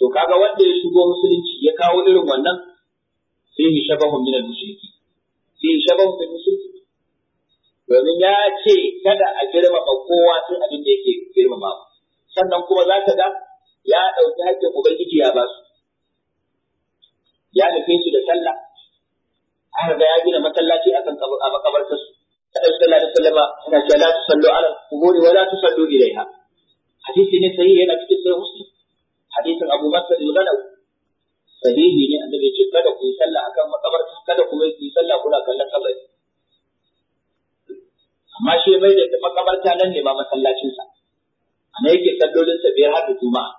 to kaga wanda ya shigo musulunci ya kawo irin wannan sai yi shabahun min al-mushriki sai yi shabahun min mushriki domin ya ce kada a girmama kowa sai abin da yake ba sannan kuma za ka ga ya ɗauki hakkin ubangiji ya ba su ya nufin su da sallah a ga ya gina masallaci akan a makabartar su Annabi sallallahu alaihi wasallam yana cewa la tusallu ala al-qubur wa la tusallu ilayha. Hadisi ne sahihi yana cikin sahih Muslim. Hadisin Abu Bakar al-Ghanawi. Sahihi ne Annabi ce kada ku yi sallah akan makabarta kada ku yi sallah kuna kallon Amma shi mai da makabarta nan ne ba masallacinsa. Ana yake sallolinsa biyar har da Juma'a.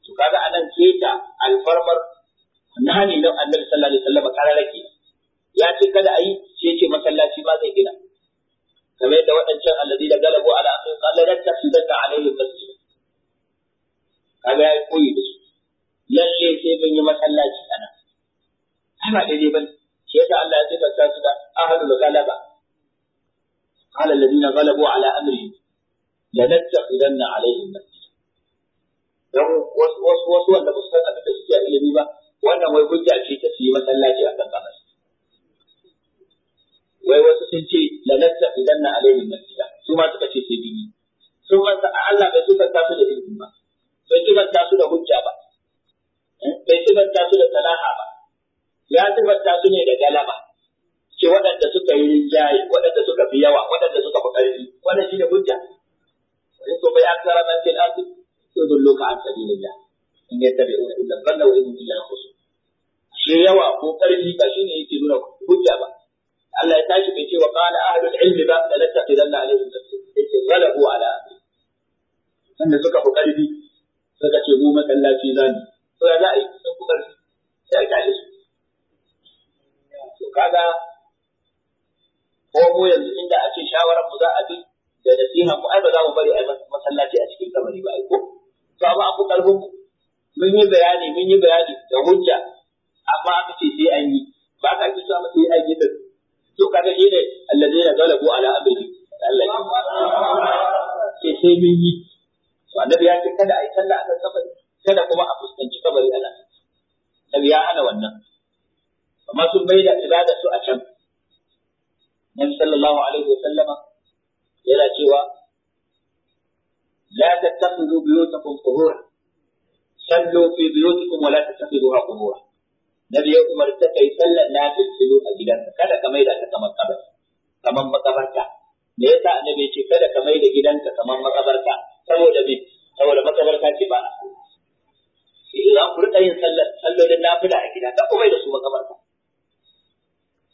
to kaga anan keta alfarmar nani na annabi sallallahu alaihi wasallam kararake ya ce kada a yi shi ce masallaci ba zai gina kamar yadda waɗancan allazi da galabu ala akan qallalat tafsidanna alayhi masjid kaga ya koyi da su lalle sai mun yi masallaci ana ana daidai bane shi yasa Allah ya ce sifanta su da ahlul galaba qala alladhina ghalabu ala la lanattakhidanna alaihim masjid dan wasu wasu wanda ba su san abin da suke ilimi ba wannan wai hujja ce ta su yi masallaci a kan kabari wai wasu sun ce lanatta idan na alaihi masjida su ma suka ce sai bini sun man sa Allah bai sifanta su da izini ba bai sifanta su da hujja ba eh, bai sifanta su da salaha ba ya sifanta su ne da galaba ce waɗanda suka yi rinjaye waɗanda suka fi yawa waɗanda suka fi ƙarfi wannan shi ne hujja wani ko bai akara man fil ardi yudulluka an sabilillah in ya yattabi'una illa dhanna wa in illa yakhus shi yawa ko ƙarfi ba shine yake nuna hujja ba Allah ya tashi bai ce wa qala ahlul ilmi ba la taqidanna alaihim tafsir yake galabu ala sanda suka fi karfi suka ce mu masallaci za ne to ya za a yi sun fi karfi sai a kyale su to kaga ko mu yanzu inda a ce shawarar mu za a bi da nasiha mu ai ba za mu bari ai masallaci a cikin kamari ba ai ko to amma an fi karfin mu mun yi bayani mun yi bayani da hujja amma aka ce sai an yi ba ka ji cewa sai an yi da to kaga shi ne allazi ya galabu ala amri Allah sai sai mun yi to annabi ya ce kada a yi sallah akan kabari kada kuma a fuskanci kabari ana annabi ya hana wannan amma sun bai da ibada su a can Nabi sallallahu alaihi wa sallama yana cewa la tattakhidhu biyutakum qubura sallu fi biyutikum wa la tattakhiduha qubura nabi ya ta kai sallar na filo a gidanka kada ka maida ta kamar kabar kamar makabarta me yasa annabi ce kada ka maida gidanka kamar makabarta saboda bi saboda makabarta ce ba a so za ku rika yin sallolin nafila a gida ka kuma da su makabarta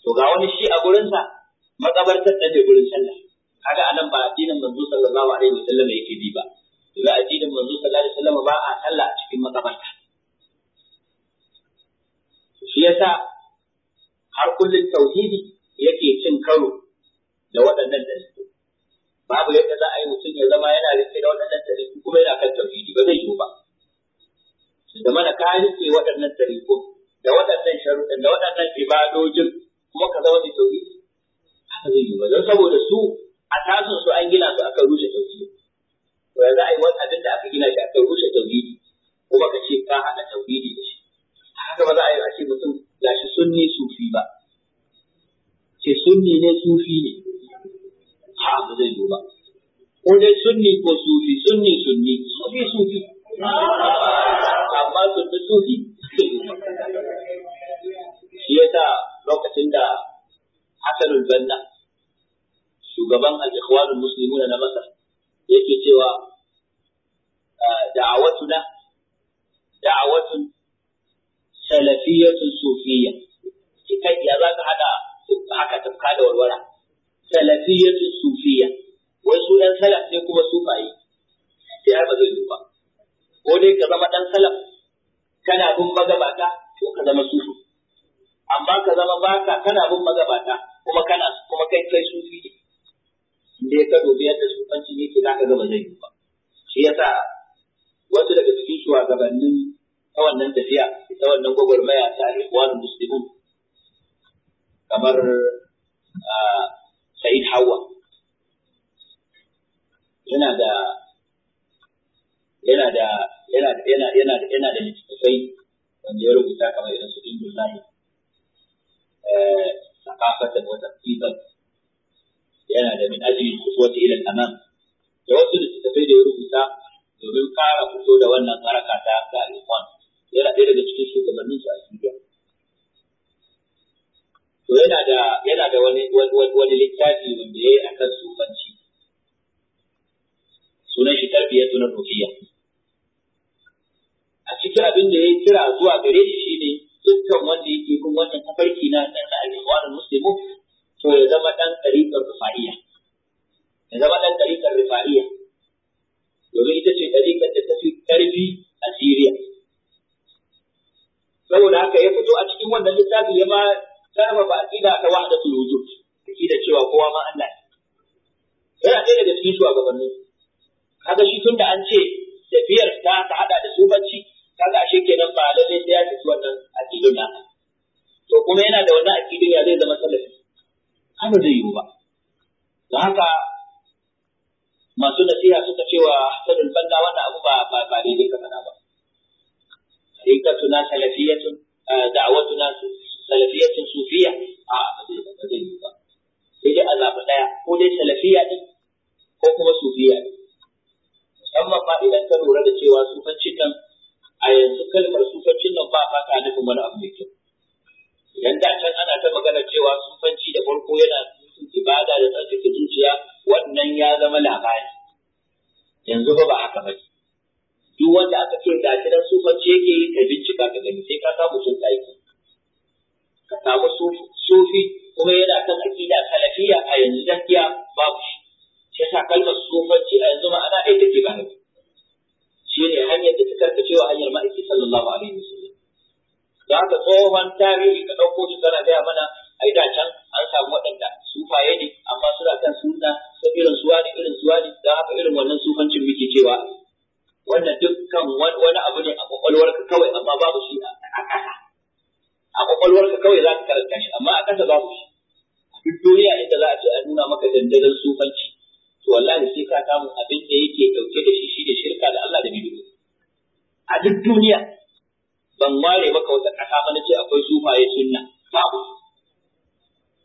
to ga wani shi a sa makabarta da ne gurin sallah kaga anan ba addinin manzo sallallahu alaihi wasallam yake bi ba da addinin manzo sallallahu alaihi wasallam ba a sallah cikin makabarta shi yasa har kullun tauhidi yake cin karo da waɗannan dalilu babu yadda za a yi mutum ya zama yana rike da waɗannan dalilu kuma yana kan tauhidi ba zai yiwu ba da mana ka rike waɗannan dalilu da waɗannan sharuɗin da waɗannan ibadojin kuma ka zama mai tauhidi haka zai yiwu ba don saboda su a tasun su an gina su aka rushe tauhidi to za a yi wani abin da aka gina shi aka rushe tauhidi kuma ka ce ka haɗa tauhidi da shi haka ba za a yi a ce mutum gashi sunni sufi ba ce sunni ne sufi ne ha ba zai yi ba ko dai sunni ko sufi sunni sunni sufi sufi amma sunni sufi shi yasa lokacin da Hassanul Banna shugaban al-Ikhwanul Muslimun na Masar yake cewa ah, da'awatuna da'awatun salafiyatun sufiyya kai ya za ka haɗa haka tafka da warwara salafiyatun sufiyya wai su ɗan salaf ne kuma sufaye sai har ba zai yi ba ko dai ka zama ɗan salaf kana bin magabata ko ka zama sufi amma ka zama baka kana bin magabata kuma kana kuma kai kai sufi ne inda ya ka dubi yadda sufanci ke za ka gama zai yi ba shi yasa wasu daga cikin shugabannin ta wannan tafiya ta wannan gwagwarmaya ta al'ikwanin muslimun kamar sa'id hawa yana da yana da yana da yana yana da yana da littattafai wanda ya rubuta kamar irin su Indullahi eh sakafatan wata tafsiran yana da min ajli khutwati ila al-amam da wasu littattafai da ya rubuta domin kara fito da wannan haraka ta ga al yana ɗaya daga cikin shugabannin su a Siriya to yana da yana da wani wani littafi wanda yayi akan sufanci sunan shi tarbiyatu na ruhiyya a cikin abin da yayi kira zuwa gare shi shine dukkan wanda yake bin wannan tafarki na na al-ikhwan muslimu to ya zama dan tariqar rufa'iyya ya zama dan tariqar rufa'iyya domin ita ce tariqar da ta fi ƙarfi a Siriya saboda haka ya fito a cikin wannan littafi ya ma a aqida ta wahdatul wujud da cewa kowa ma Allah ne yana ɗaya daga cikin shugabanni kaga shi tunda an ce tafiyar ta ta hada da subanci kaga ashe kenan ba lalle sai ya tafi wannan aqidun na to kuma yana da wannan aqidun ya zai zama salafi haka zai yiwu ba don haka masu nasiha suka cewa sanin banga wannan abu ba ba daidai ka faɗa ba tariqatuna سلفية دعوتنا سلفية صوفية a ba سلفية دي صوفية أما ɗaya ko dai salafiya ne ko kuma sufiya musamman ma idan ka lura da cewa a yanzu kalmar nan ba idan da can ana ta magana cewa sufanci da farko yana nufin ibada da tsarkake zuciya wannan ya zama labari yanzu ba ba haka ba duk wanda aka ce ga shi nan sufanci yake yi ka bincika ka gani sai ka samu sun ta aiki ka samu sufi kuma yana kan aqida kalafiya a yanzu gaskiya babu shi sai sa kalmar sufanci a yanzu ma'ana da take ba shi ne hanyar da ta karkace a hanyar ma'aiki sallallahu alaihi wasallam da haka tsohon tarihi ka ɗauko shi kana gaya mana ai da can an samu waɗanda sufaye ne amma suna kan suna sun irin suwa ne irin suwa ne don haka irin wannan sufancin muke cewa wannan dukkan wani abu ne a kwakwalwarka kawai amma babu shi a ƙasa a kwakwalwarka kawai za ka karanta shi amma a ƙasa babu shi a duk duniya inda za a ce a nuna maka dandalin sufanci to wallahi sai ka samu abin da yake dauke da shi shine shirka da Allah da bidiyo a duk duniya ban ware maka wata ƙasa ba na ce akwai sufaye sunna babu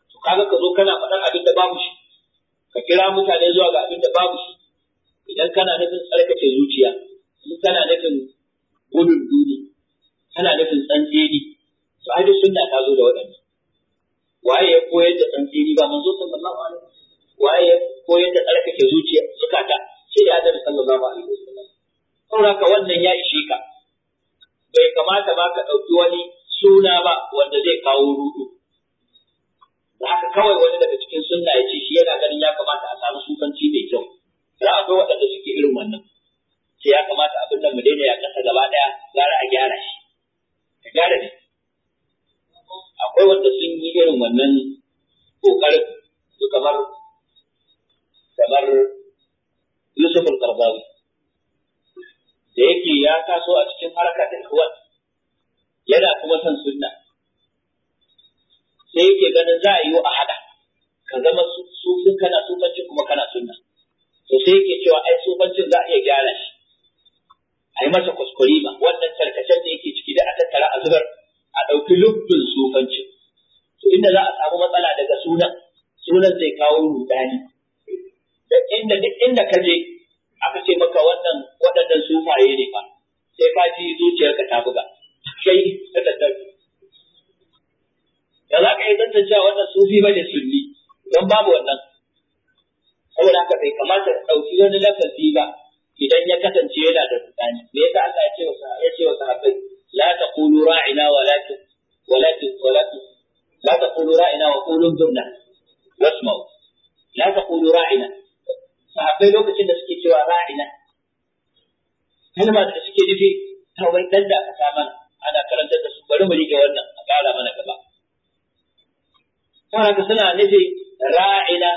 to kaga ka zo kana faɗan abin da babu shi ka kira mutane zuwa ga abin da babu shi idan kana nufin tsarkake zuciya kana nufin gudun duni kana nufin tsantsini to ai duk sunna ta zo da waɗanda. waye ya koyar da tsantsini ba manzo sallallahu alaihi waye ya koyar da tsarkake zuciya zukata shi da annabi sallallahu alaihi wasallam saboda ka wannan ya ishe ka bai kamata ba ka ɗauki wani suna ba wanda zai kawo rudu da haka kawai wani daga cikin sunna ya ce shi yana ganin ya kamata a samu sufanci mai kyau za a ga waɗanda suke irin wannan ce ya kamata abin nan mu daina ya kasa gaba daya gara a gyara shi ka gyara shi akwai wanda sun yi irin wannan kokarin su kamar kamar Yusuf al-Qardawi da yake ya taso a cikin harkar ikhwan yana kuma son sunna sai yake ganin za a yi wa ahada ka zama sufin kana sufanci kuma kana sunna to sai yake cewa ai sufancin za a iya gyara shi a yi masa kuskure ba wannan tarkacen da yake ciki da a tattara a zubar a ɗauki lubbin sufanci to inda za a samu matsala daga sunan sunan zai kawo rudani da inda duk inda ka je aka ce maka wannan waɗannan sufaye ne fa sai ka ji zuciyarka ta buga sai ta tattara da za ka yi cewa wannan sufi ba da sunni don babu wannan saboda haka bai kamata ka ɗauki wani lafazi ba idan ya kasance yana da rudani me yasa Allah ya ce wa ya ce wa sahabbai la taqulu ra'ina walakin walakin walakin la taqulu ra'ina wa qulu dunna wasma'u la taqulu ra'ina sahabbai lokacin da suke cewa ra'ina kalma da suke nufi ta wai dan da aka mana ana karanta da su bari mu rike wannan a kara mana gaba ka suna nufi ra'ina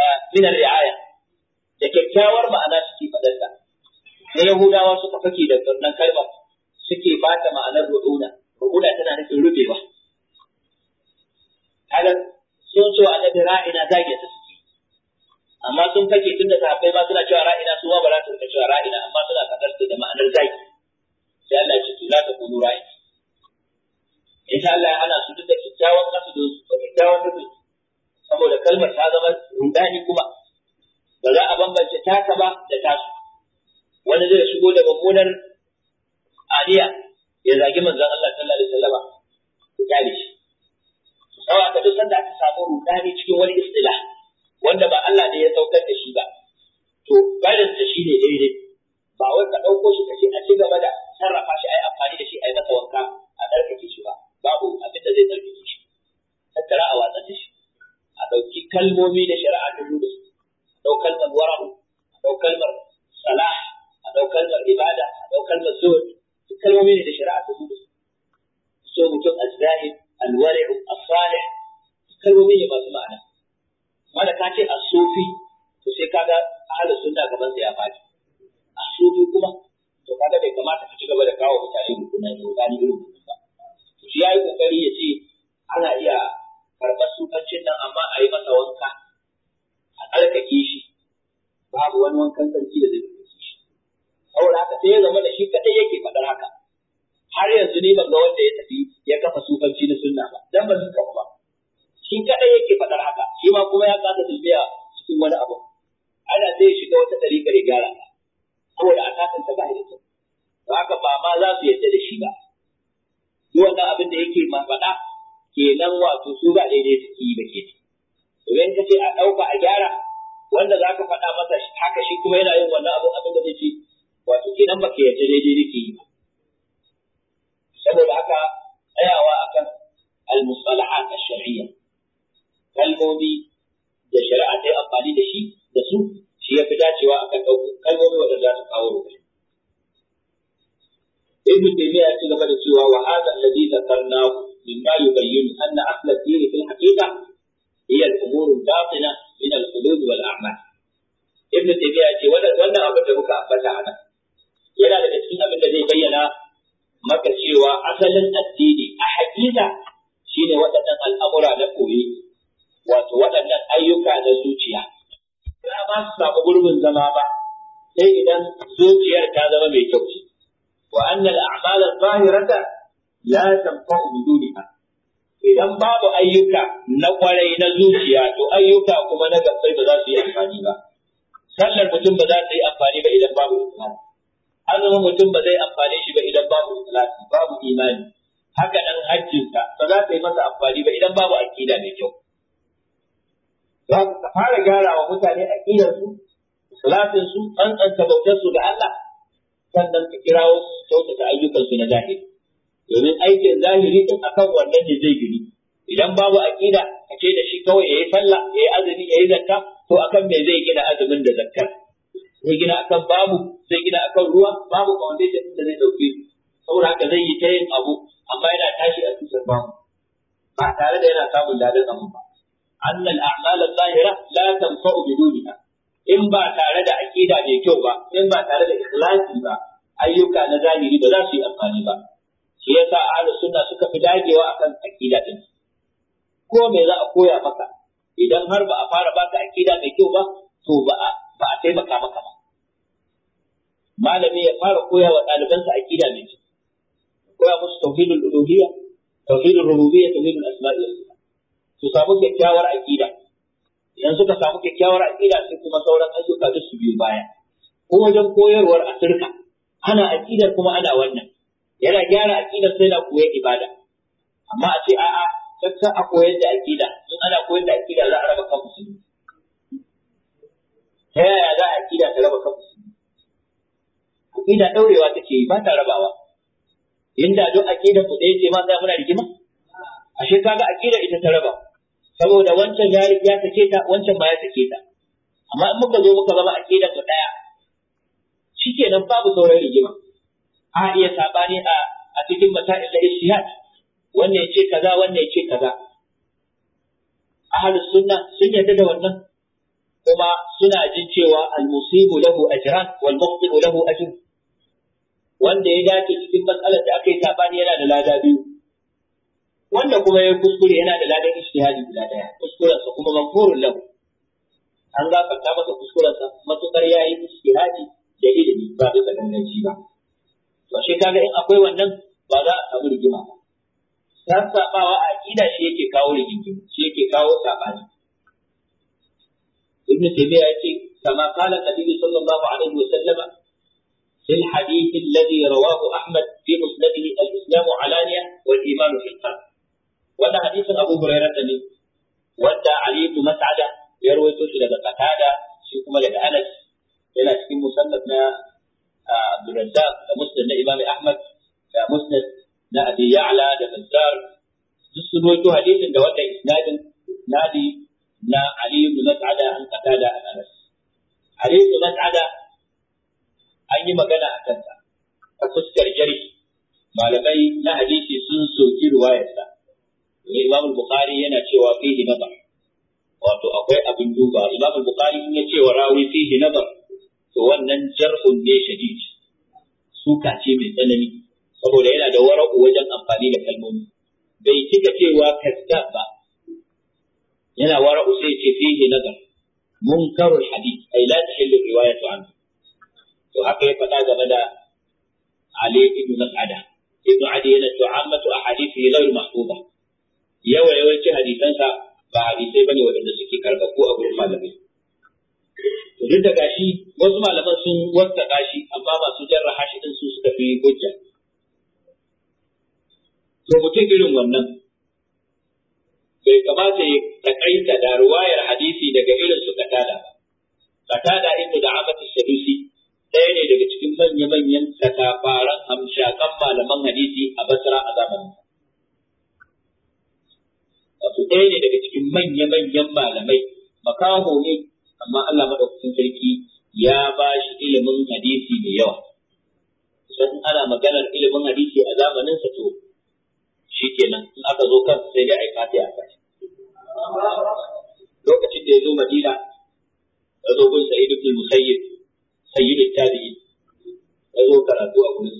a ah, ar-ri'aya da kyakkyawar ma'ana suke faɗarta na yahudawa suka fake da wannan kalmar suke ba ta ma'anar ru'una ru'una tana nufin rubewa halar sun so annabi ra'ina zage ta suke amma sun fake tunda sahabbai ma suna cewa ra'ina su ma ba za su rika cewa ra'ina amma suna faɗar da ma'anar zage sai Allah ya ce to la taqulu ra'ina insha Allah ya hana su duk da kyakkyawan kasu da kyakkyawan rubi saboda kalmar ta zama rudani kuma tasa ba da tasu wani zai shigo da mummunar aliya ya zagi manzon Allah sallallahu alaihi wasallam ku kyale shi sawa ka duk sanda aka samu rudani cikin wani istilah wanda ba Allah ne ya saukar da shi ba to barin ta shine daidai ba wai ka dauko shi kace a ci gaba da sarrafa shi ai amfani da shi ai masa wanka a tsarkake shi ba babu abin da zai tsarkake shi tattara a watsa shi a dauki kalmomi da shari'a da lulus dau kalmar wara'u dau kalmar salah a dau kalmar ibada a dau kalmar zuhud duk kalmomi ne da shari'a ta zuwa so mutum az-zahid al-wali'u as-salih kalmomi ne masu ma'ana amma da ka ce a sufi to sai kaga ahlus sunna gaban sa ya faɗi a sufi kuma to kaga bai kamata ka ci gaba da kawo mutane rukunan rukani irin ba shi yi kokari ya ce ana iya karɓar sukancin nan amma a yi masa wanka a tsarkake shi babu wani wankan sarki da zai rubuce shi saboda haka sai ya zama da shi kadai yake faɗar haka har yanzu ni ban ga wanda ya tafi ya kafa sufanci na sunna ba dan ba su kafa ba shi kadai yake faɗar haka shi ma kuma ya kasa tafiya cikin wani abu ana zai shiga wata tarika da gyara ta saboda a kasan ta bai da kyau to haka ba ma za su yarda da shi ba duk wannan abin da yake ma faɗa kenan wato su ba daidai suke yi ba ke ci. in ka ce a ɗauka a gyara wanda za ka faɗa masa haka shi kuma yana yin wannan abu abin da zai ce wato kenan baka yarda daidai nake yi ba saboda haka tsayawa akan al musalahat ash-shar'iyya kalmomi da shari'a ta yi amfani da shi da su shi ya fi dacewa akan ɗaukar kalmomi wanda za su kawo rubutu ابن تيمية كما سوى وهذا الذي ذكرناه مما يبين أن أصل الدين في الحقيقة هي الأمور الباطنة min al-qulub wal a'mal ibnu taymiya ce wannan abin da kuka ambata a nan yana daga cikin abin da zai bayyana maka cewa asalin addini a haƙiƙa shine waɗannan al'amura na koyi wato waɗannan ayyuka na zuciya ba ba su samu gurbin zama ba sai idan zuciyar ta zama mai kyau wa annal a'mal ya dhahirata la tanfa'u idan babu ayyuka na kwarai na zuciya to ayyuka kuma na gabbai ba za su yi amfani ba sallar mutum ba za ta yi amfani ba idan babu ikhlasi azumin mutum ba zai amfane shi ba idan babu ikhlasi babu imani haka nan ka ba za ta yi masa amfani ba idan babu aqida mai kyau za ka fara gyara wa mutane aqidar su ikhlasin su tsantsanta bautar su ga Allah sannan ka kirawo su kyautata ayyukan su na jahili domin aikin zahiri din akan wannan ne zai gani. idan babu aqida a ce da shi kawai yayi sallah yayi azumi yayi zakka to akan me zai gina azumin da zakkar zai gina akan babu zai gina akan ruwa babu foundation din da zai dauke saboda haka zai yi ta yin abu amma yana tashi a cikin babu ba tare da yana samun ladan abu ba annal a'mal zahira la tanfa'u bidunha in ba tare da aqida mai kyau ba in ba tare da ikhlasi ba ayyuka na zahiri ba za su yi amfani ba ya yasa ahlus sunna suka fi dagewa akan aqida din ko me za a koya maka idan har ba a fara baka aqida mai kyau ba to ba a ba a taimaka maka ba malami ya fara koya wa ɗalibansa aqida mai kyau koya musu tauhidul uluhiyya tauhidul rububiyya tauhidul asma'i was sifat su samu kyakkyawar aqida idan suka samu kyakkyawar aqida sai kuma sauran ayyuka su biyu baya ko wajen koyarwar asirka ana aqidar kuma ana wannan yana gyara aqidar sai na koyar ibada amma a ce a'a kakka a koyar da aqida in ana koyar da aqida za a raba kan musulmi ta yaya za a aqida ta raba kan musulmi aqida daurewa take yi ba ta rabawa inda duk aqida ku ɗaya ce ma za muna rigima ashe kaga aqida ita ta raba saboda wancan ya ya sake ta wancan ba ya sake ta amma in muka zo muka zama aqida ku ɗaya shikenan babu sauran rigima a iya sabani a a cikin mata'il da ishtihad wannan ce kaza wannan ce kaza ahlus sunna sun yarda da wannan kuma suna jin cewa al-musibu lahu ajran wal muqtil lahu ajr wanda ya dace cikin matsalar da aka yi sabani yana da lada biyu wanda kuma ya kuskure yana da ladan ijtihadi guda daya kuskuren sa kuma maghfurun lahu an gafarta masa kuskuren sa matukar yayi ijtihadi da ilimi ba bisa ganganci ba to shi kaga in akwai wannan ba za a samu rigima ba sassaɓawa a aƙida shi yake kawo rigima shi yake kawo saɓani ibn taymiya yace kama qala nabi sallallahu alaihi wa sallama Ahmad الحديث الذي رواه أحمد في مسنده الإسلام علانية والإيمان في abu وده ne? Wanda هريرة لي وده علي بن مسعدة يروي توش لدى قتادة شيكما لدى أنس إلى شكل مسند Abdurrazzaq da Musnad na Imam Ahmad da Musnad na Abi da Bazzar sun rawaito hadisin da wannan isnadin nadi na Ali ibn Mas'ada an qatada an Anas Ali an yi magana a kanta a fuskar malamai na hadisi sun soki ruwayarsa Imam Bukhari yana cewa fihi nazar wato akwai abin duba Imam Bukhari in ya ce rawi fihi nazar to wannan jar'un ne shadid suka ce mai tsanani saboda yana da wara'u wajen amfani da kalmomi bai cika cewa kazzab ba yana wara'u sai ce fihi nazar munkarul hadith ay la tahillu riwayatu anhu to haka ya faɗa game da Ali ibn Mas'ada ibn Adi yana to ammatu ahadithi lawl mahfuba yawa yawanci hadisansa ba hadisai bane waɗanda suke karɓa ko a gurin malamai duk da gashi wasu malaman sun wattaka gashi, amma masu jarra hashi din su suka fi hujja to mutum irin wannan bai kamata ya takaita da ruwayar hadisi daga irin su katada ba katada inda da amati Sadusi ɗaya ne daga cikin manya-manyan katafaran hamshakan malaman hadisi a basra a zamanin Wasu ɗaya ne daga cikin manya-manyan malamai makaho ne amma Allah madaukakin sarki ya ba shi ilimin hadisi da yawa sai in ana maganar ilimin hadisi a zamanin sa shi kenan in aka zo kan sai dai ai fatiha a kai lokacin da ya zo Madina ya zo gun Sa'id ibn Musayyib sayyid tabi'in ya zo karatu a gurin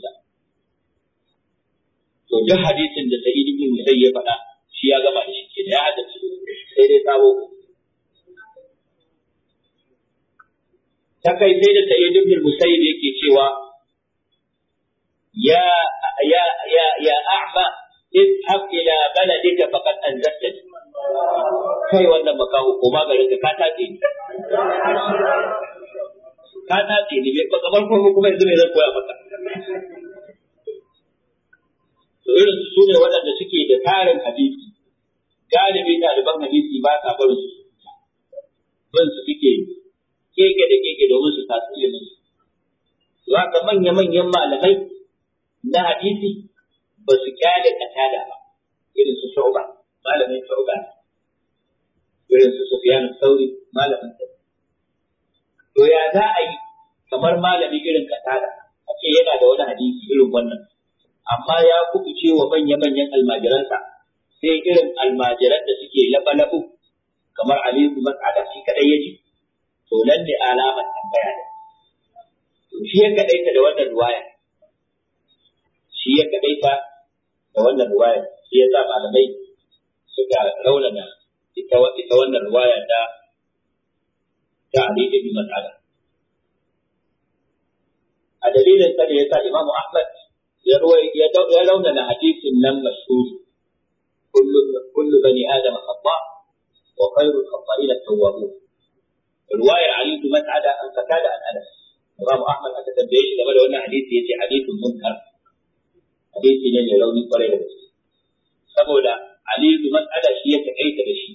to duk hadisin da Sa'id ibn Musayyib faɗa shi ya gama da shi ke da ya haddace sai dai sabo ta kai sai da sayyid bin musayyib yake cewa ya ya ya ya a'ma izhab ila baladika faqad anzalta kai wannan makaho ko ma garin ka ta tace ni ka tace ni ba kamar ko kuma yanzu ne zan koya maka to irin su ne waɗanda suke da tarin hadisi galibi ɗaliban hadisi ba sa barin su bin su suke keke da keke domin su tasu ilimin su za ka manya-manyan malamai na hadisi ba su kyale katada ba irin su shauba malamin shauba irin su sufiyan sauri malamin sa to ya za a yi kamar malami irin katada a ce yana da wani hadisi irin wannan amma ya ce wa manya-manyan almajiransa sai irin almajiran da suke laɓa-laɓu kamar Ali masu Mas'ada shi ya ji. to nan ne alamar tambaya da shi ya kadaita da wannan ruwaya shi ya kadaita da wannan ruwaya shi ya sa malamai suka raunana ita ita wannan ruwaya ta ta Ali ibn Mas'ud a dalilin sa ya sa Imam Ahmad ya ya raunana hadisin nan mashhuri kullu kullu bani adam khata wa khairu khata'ina tawwabun riwayar ali bin mas'ada an qatada an anas Imam Ahmad aka tambaye shi game da wannan hadisi yace hadisin munkar hadisi ne mai rauni kwarai da gaske saboda Ali bin Mas'ada shi ya takaita da shi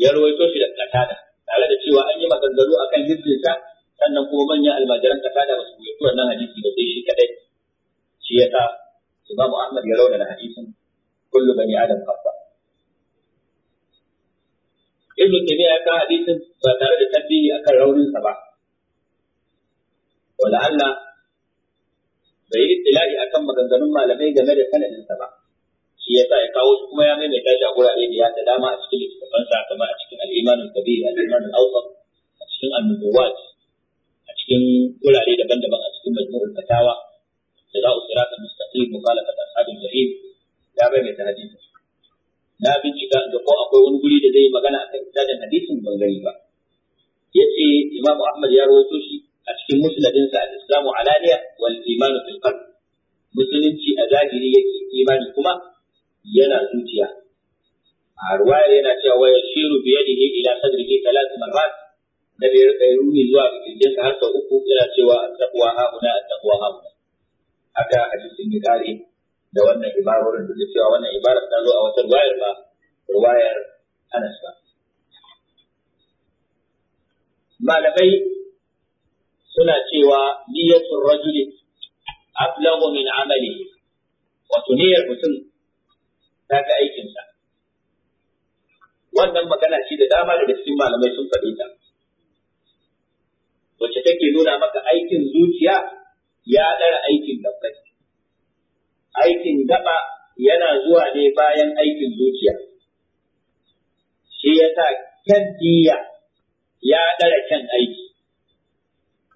ya rawaito shi da katada tare da cewa an yi maganganu akan hizbinsa sannan kuma manyan almajiran katada ba su rawaito wannan hadisi ba sai shi kadai shi yasa Imam Ahmad ya rauna da hadisin kullu bani adam khata ibnu taymiya ya kawo hadisin ba tare da tambayi akan raunin sa ba wala Allah bai yi tilai akan maganganun malamai game da sanadin sa ba shi yasa ya kawo kuma ya mai ta shi gurare da ya da dama a cikin littafin sa kamar a cikin al-iman al-kabir al-iman al-awsat a cikin an-nubuwat a cikin gurare daban-daban a cikin majmu'ul fatawa da za'u siratal mustaqim muqalatat ashabil jahim ya bai mai ta hadisin na bincika ga ko akwai wani guri da zai magana a akan da hadisin ban gani ba yace imamu ahmad ya rawaito shi a cikin musnadin sa al-islamu alaniya wal imanu fil qalb musulunci a zahiri yake imani kuma yana zuciya a ruwaya yana cewa wa yashiru bi yadihi ila sadrihi thalath marrat da bai rika rumi zuwa cikin kirjin har sau uku yana cewa at-taqwa hauna at-taqwa hauna haka hadisin ya kare da wannan ibarorin duk da cewa wannan ibarar ta zo a wata ruwayar ba ruwayar Anas ba malamai suna cewa niyyatul rajuli ablagu min amali wato niyyar mutum ta ga sa. wannan magana ce da dama daga cikin malamai sun faɗi ta wacce take nuna maka aikin zuciya ya ɗara aikin gabbai aikin gaba yana zuwa ne bayan aikin zuciya shi yasa kyan diya ya ɗara kyan aiki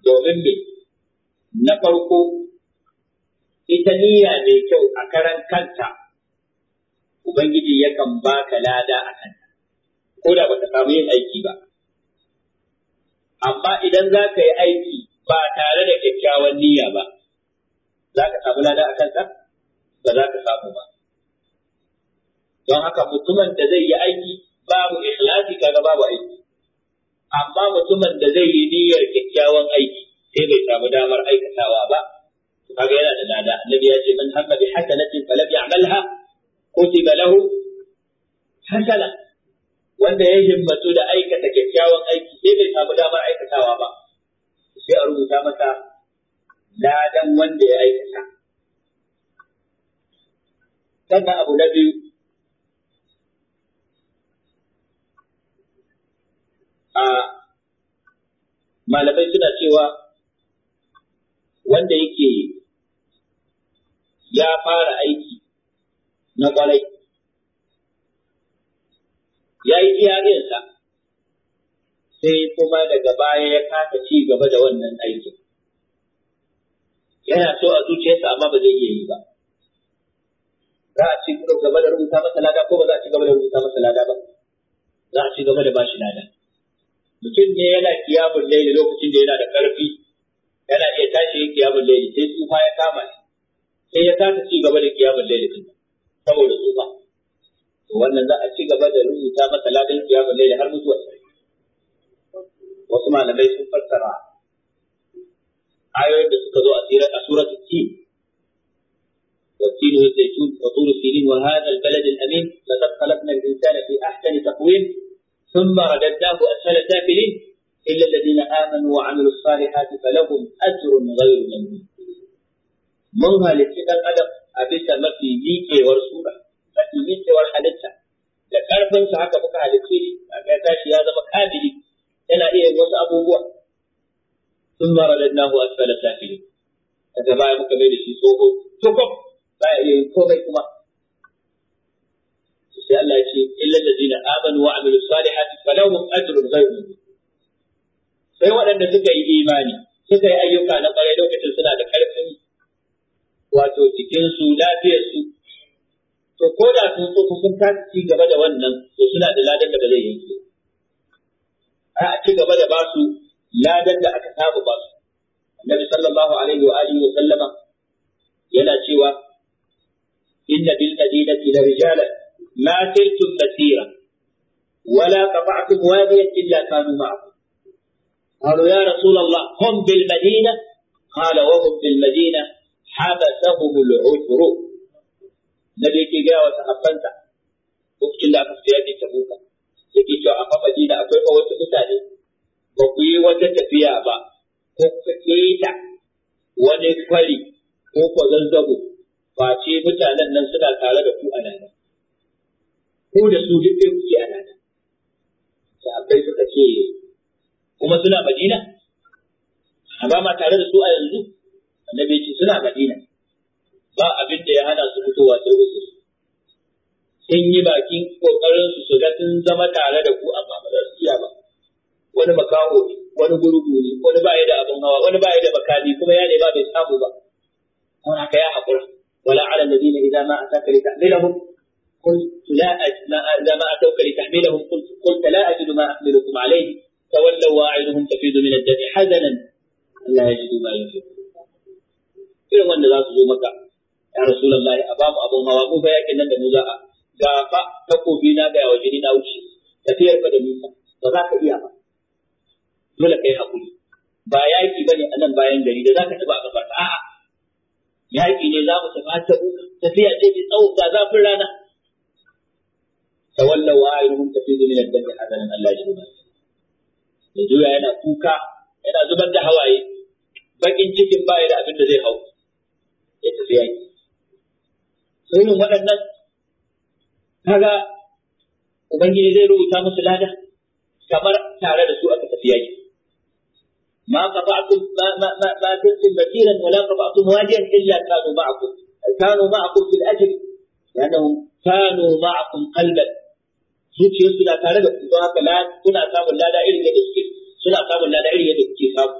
domin me na farko ita niyya mai kyau a karan kanta ubangiji yakan baka lada a kanta ko da baka samu yin aiki ba amma idan za ka yi aiki ba tare da kyakkyawan niyya ba za ka samu lada a kanta ba za ka samu ba don haka mutumin da zai yi aiki babu ikhlasi kaga babu aiki amma mutumin da zai yi niyyar kyakkyawan aiki sai bai samu damar aikatawa ba kaga yana da lada annabi ya ce man hamma bi hasanatin falam ya'malha kutiba lahu hasana wanda ya himmatu da aikata kyakkyawan aiki sai bai samu damar aikatawa ba sai a rubuta masa ladan wanda ya aikata sannan abu na biyu a malamai suna cewa wanda yake ya fara aiki na kwarai ya yi iyayensa sai kuma daga baya ya kasa ci gaba da wannan aikin yana so a zuciyarsa amma ba zai iya yi ba za a ci gaba da rubuta masa lada ko ba za a ci gaba da rubuta masa lada ba za a ci gaba da bashi lada mutum ne yana kiyamun laili lokacin da yana da karfi yana iya tashi yin kiyamun laili sai tsufa ya kama sai ya kasa ci gaba da kiyamun laili din saboda tsufa to wannan za a ci gaba da rubuta masa ladan kiyamun laili har mutuwa wasu malamai sun fassara ayoyin da suka zo a surat tin والتين والزيتون وطول السنين وهذا البلد الامين لقد خلقنا الانسان في احسن تقويم ثم رددناه اسفل سافلين الا الذين امنوا وعملوا الصالحات فلهم اجر غير ممنون. منها لسيد الادب ابيس ما في ميكي ورسولة ما في ميكي والحدثة لكان فنسى حتى بقى لكيري فقالتا شيئا ذا مكابلي انا ايه الوزع هو ثم رددناه اسفل سافلين. هذا ما يمكن ان يكون baya iya yin komai kuma sai Allah ya ce illa allazina amanu wa amilu salihati falahum ajrun ghayru sai waɗanda suka yi imani suka yi ayyuka na ƙwarai lokacin suna da ƙarfin wato jikinsu lafiyarsu to ko da sun tsofa sun kasa ci gaba da wannan to suna da ladan da ba zai yanke a ci gaba da basu ladan da aka saba basu annabi sallallahu alaihi wa alihi wa sallama yana cewa inna bil madinati la rijalan ma tiltum masira ولا قطعتم واديا إلا كانوا معكم قالوا يا رسول الله هم بالمدينة قال وهم بالمدينة حبسهم العسر نبي كي جاء وتحبنت وقت الله كفتياتي تبوكا yake cewa a madina akwai fa mutane ba ku yi wata tafiya ba ko kuka wani kwari ko ko face mutanen nan suna tare da ku a nan ko da su duk ɗaya kuke a lada sahabbai suka ce kuma suna madina amma ma tare da su a yanzu annabi ce suna madina ba abin da ya hana su fitowa sai wasu sun yi bakin kokarin su su ga sun zama tare da ku amma ba za su iya ba wani makaho ne wani gurgu ne wani ba da abin hawa wani ba da makami kuma ya ne ba bai samu ba kuma haka ya haƙura ولا على الذين إذا ما أتاك لتحملهم قلت لا اذا ما أتوك لتحملهم قلت, قلت لا أجد ما أحملكم عليه تولوا واعدهم تفيد من الدم حزنا لا يجدوا ما ينفقون في الله سجوا مكة يا رسول الله أبام أبو موابو فيا كنن دموزاء جاقا تقو فينا بيا وجنين كثير تفير فدمين وذاك إياما ملك يا أقول بايا بني أنا بايا جريد ذاك تبعك yaƙi ne za mu tafi tafiya ce mai tsawo ga zafin rana tawalla wa ayyuhum tafi min ad-dami hazanan Allah ya rubuta ya juya yana kuka yana zubar da hawaye bakin cikin baya da abin da zai hau ya tafi yaƙi sunan waɗannan kaga ubangiji zai rubuta musu lada kamar tare da su aka tafi yaƙi ما قطعتم ما ما ما, ما كنتم مسيرا ولا قطعتم واديا الا كانوا معكم كانوا معكم في الاجر لانهم كانوا معكم قلبا zuciyarsu na tare da ku don haka kuna samun lada irin yadda suke suna samun lada irin yadda kuke samu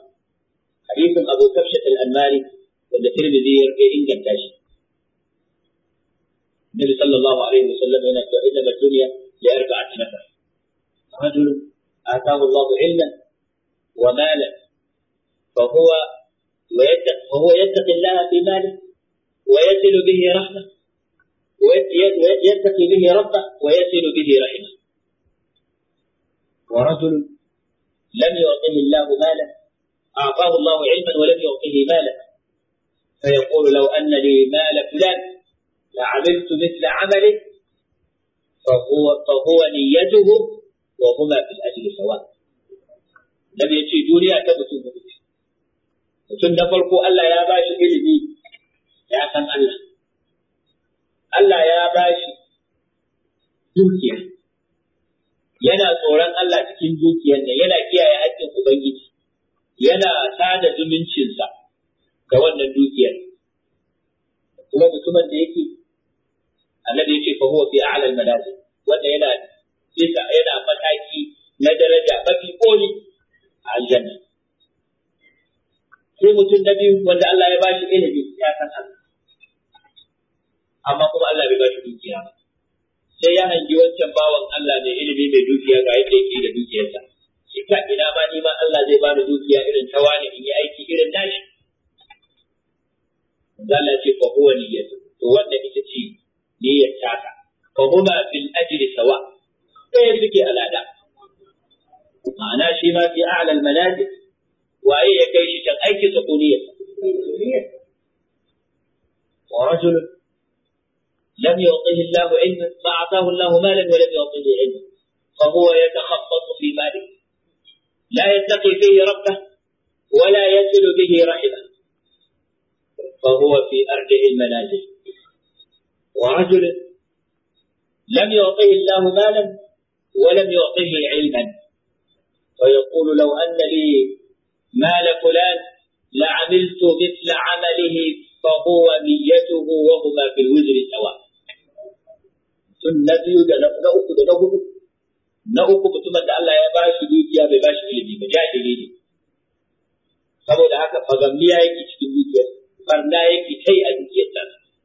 hadisin abu kafshat al-anmari wanda tirmidhi ya inganta shi النبي صلى الله عليه وسلم هنا إنما الدنيا لأربعة نفر رجل آتاه الله علما ومالا فهو ويتقي وهو يتقي الله في ماله ويصل به رحمه ويتقي به ربه ويصل به رحمه ورجل لم يعطه الله مالا أعطاه الله علما ولم يعطه مالا فيقول لو أن لي مال فلان لعملت مثل عمله فهو, فهو نيته وهما في الأجل سواء لم يجي دنيا به mutum da farko Allah ya ba shi ilimi ya san Allah Allah ya ba shi dukiya yana tsoron Allah cikin dukiyar ne, yana kiyaye haƙƙin ubangiji yana sada zumuncinsa ga wannan dukiyar kuma mutumin da yake annabi yake fa huwa fi a'la al-manazil wanda yana yana mataki na daraja mafi koli a aljanna sai mutum na biyu wanda Allah ya bashi ilimi ya san Allah amma kuma Allah bai bashi dukiya sai ya hangi wancan bawan Allah mai ilimi mai dukiya ga yadda yake da dukiyarsa shi ka ina ma ni ma Allah zai bani dukiya irin ta wani in yi aiki irin nashi Allah ce fa huwa niyyatu to wanda ita ce niyyar taka fa huma bil ajri sawa ɗaya suke alada ma'ana shi ma fi a'la al manazil وأي ya kai shi can aikin sa ورجل لم يعطه الله علما فأعطاه الله مالا ولم يعطه علما فهو يتخبط في ماله لا يتقي فيه ربه ولا يصل به رحمه فهو في أرجع المنازل ورجل لم يعطه الله مالا ولم يعطه علما فيقول لو أن لي مال فلان لعملت مثل عمله فهو نيته وهما في الوزر سواء sun na biyu da na uku da na hudu na uku mutumin da Allah ya ba shi dukiya bai ba shi ilimi ba jahili ne saboda haka fagamniya yake cikin dukiyar barna yake kai a dukiyar ta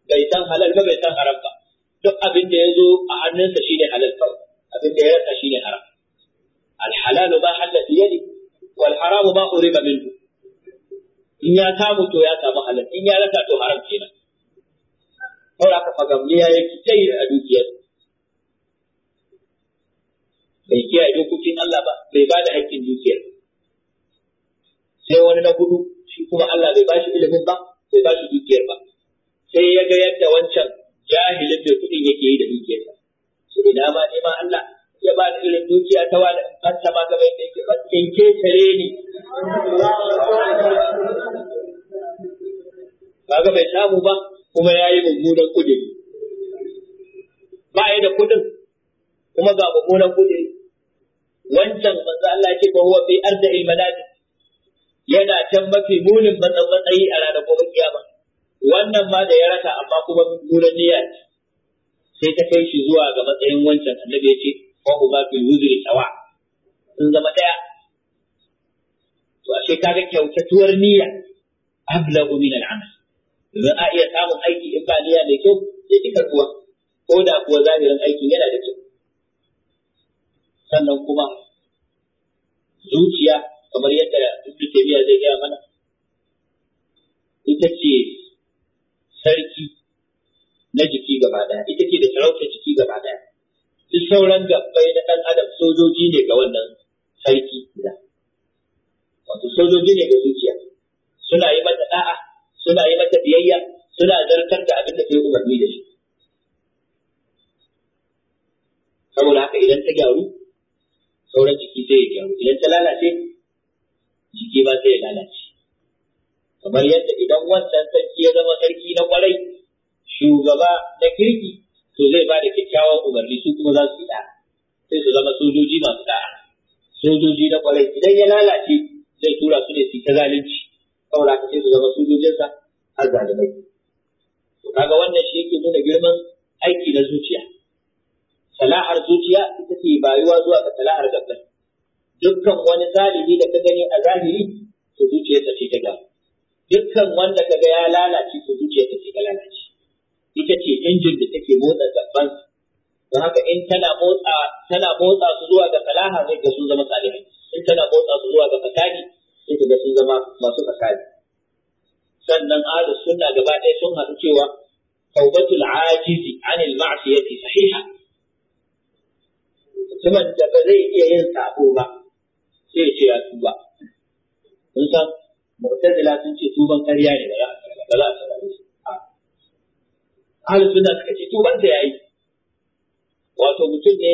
bai san halal ba bai san haram ba duk abin da ya zo a hannunsa shine halal kawai abin da ya rasa shine haram al halalu ma halal biyadi wal haramu ma urima minhu in ya samu to ya samu halal in ya rasa to haram kenan saboda haka fagamliya yake tai a dukiyar bai kiyaye dokokin Allah ba bai ba da haƙƙin dukiyar sai wani na gudu shi kuma Allah bai bashi ilimin ba bai bashi dukiyar ba sai ya ga yadda wancan jahilin mai kuɗin yake yi da dukiyarsa sai da ma nema Allah ya ba ni irin dukiya ta wani in sama ma gaba yadda yake in tare ni kaga bai samu ba kuma ya yi mummunan kudiri ba ya da kudin kuma ga mummunan kudiri wancan manzo Allah ce ba huwa fi arda il maladi yana can mafi munin matsayi a ranar gobe kiyama wannan ma da ya rasa amma kuma mummunan niyya ce sai ta kai shi zuwa ga matsayin wancan annabi ya ce Ko ba fil wuzri tawa sun zama daya to ashe kaga kyautatuwar niyya ablagu min al'amal Idan a iya samun aiki in ba niyya mai kyau ya ki kuwa. ko da kuwa zahirin aiki yana da kyau sannan kuma zuciya kamar yadda Ibn Taymiyyah zai gaya mana ita ce sarki na jiki gaba daya ita ce da sarautar jiki gaba daya duk sauran gabbai na ɗan adam sojoji ne ga wannan sarki guda wato sojoji ne ga zuciya suna yi mata ɗa'a, suna yi mata biyayya suna zartar da abin da ta yi umarni da shi saboda haka idan ta gyaru sauran jiki sai ya gyaru idan ta lalace jiki ba sai ya lalace kamar yadda idan wancan sarki ya zama sarki na kwarai shugaba na kirki to zai ba da kyakkyawan umarni su kuma za su yi da'a sai su zama sojoji masu da'a sojoji na kwarai idan ya lalace zai tura su ne su ta zalunci saboda haka sai su zama sojojinsa har zalimai to kaga wannan shi yake nuna girman aiki na zuciya salahar zuciya ita ce bayuwa zuwa ga salahar gabbai dukkan wani zalimi da ka gani a zahiri to zuciyarsa ce ta gaba dukkan wanda kaga ya lalace to zuciyarsa ce ta lalace ita ce injin da take motsa gaban don haka in tana motsa tana motsa su zuwa ga salaha sai ga sun zama salihin in tana motsa su zuwa ga fasadi sai ga sun zama masu fasadi sannan ahlu sunna gaba ɗaya sun haɗu cewa tawbatul ajizi anil ma'siyati sahiha mutumin da ba zai iya yin sabo ba sai ce ya tuba kun san mu'tazila sun ce tuban ƙarya ne ba za a ba za a ahlus sunna suka ce tuban ya yi. wato mutum ne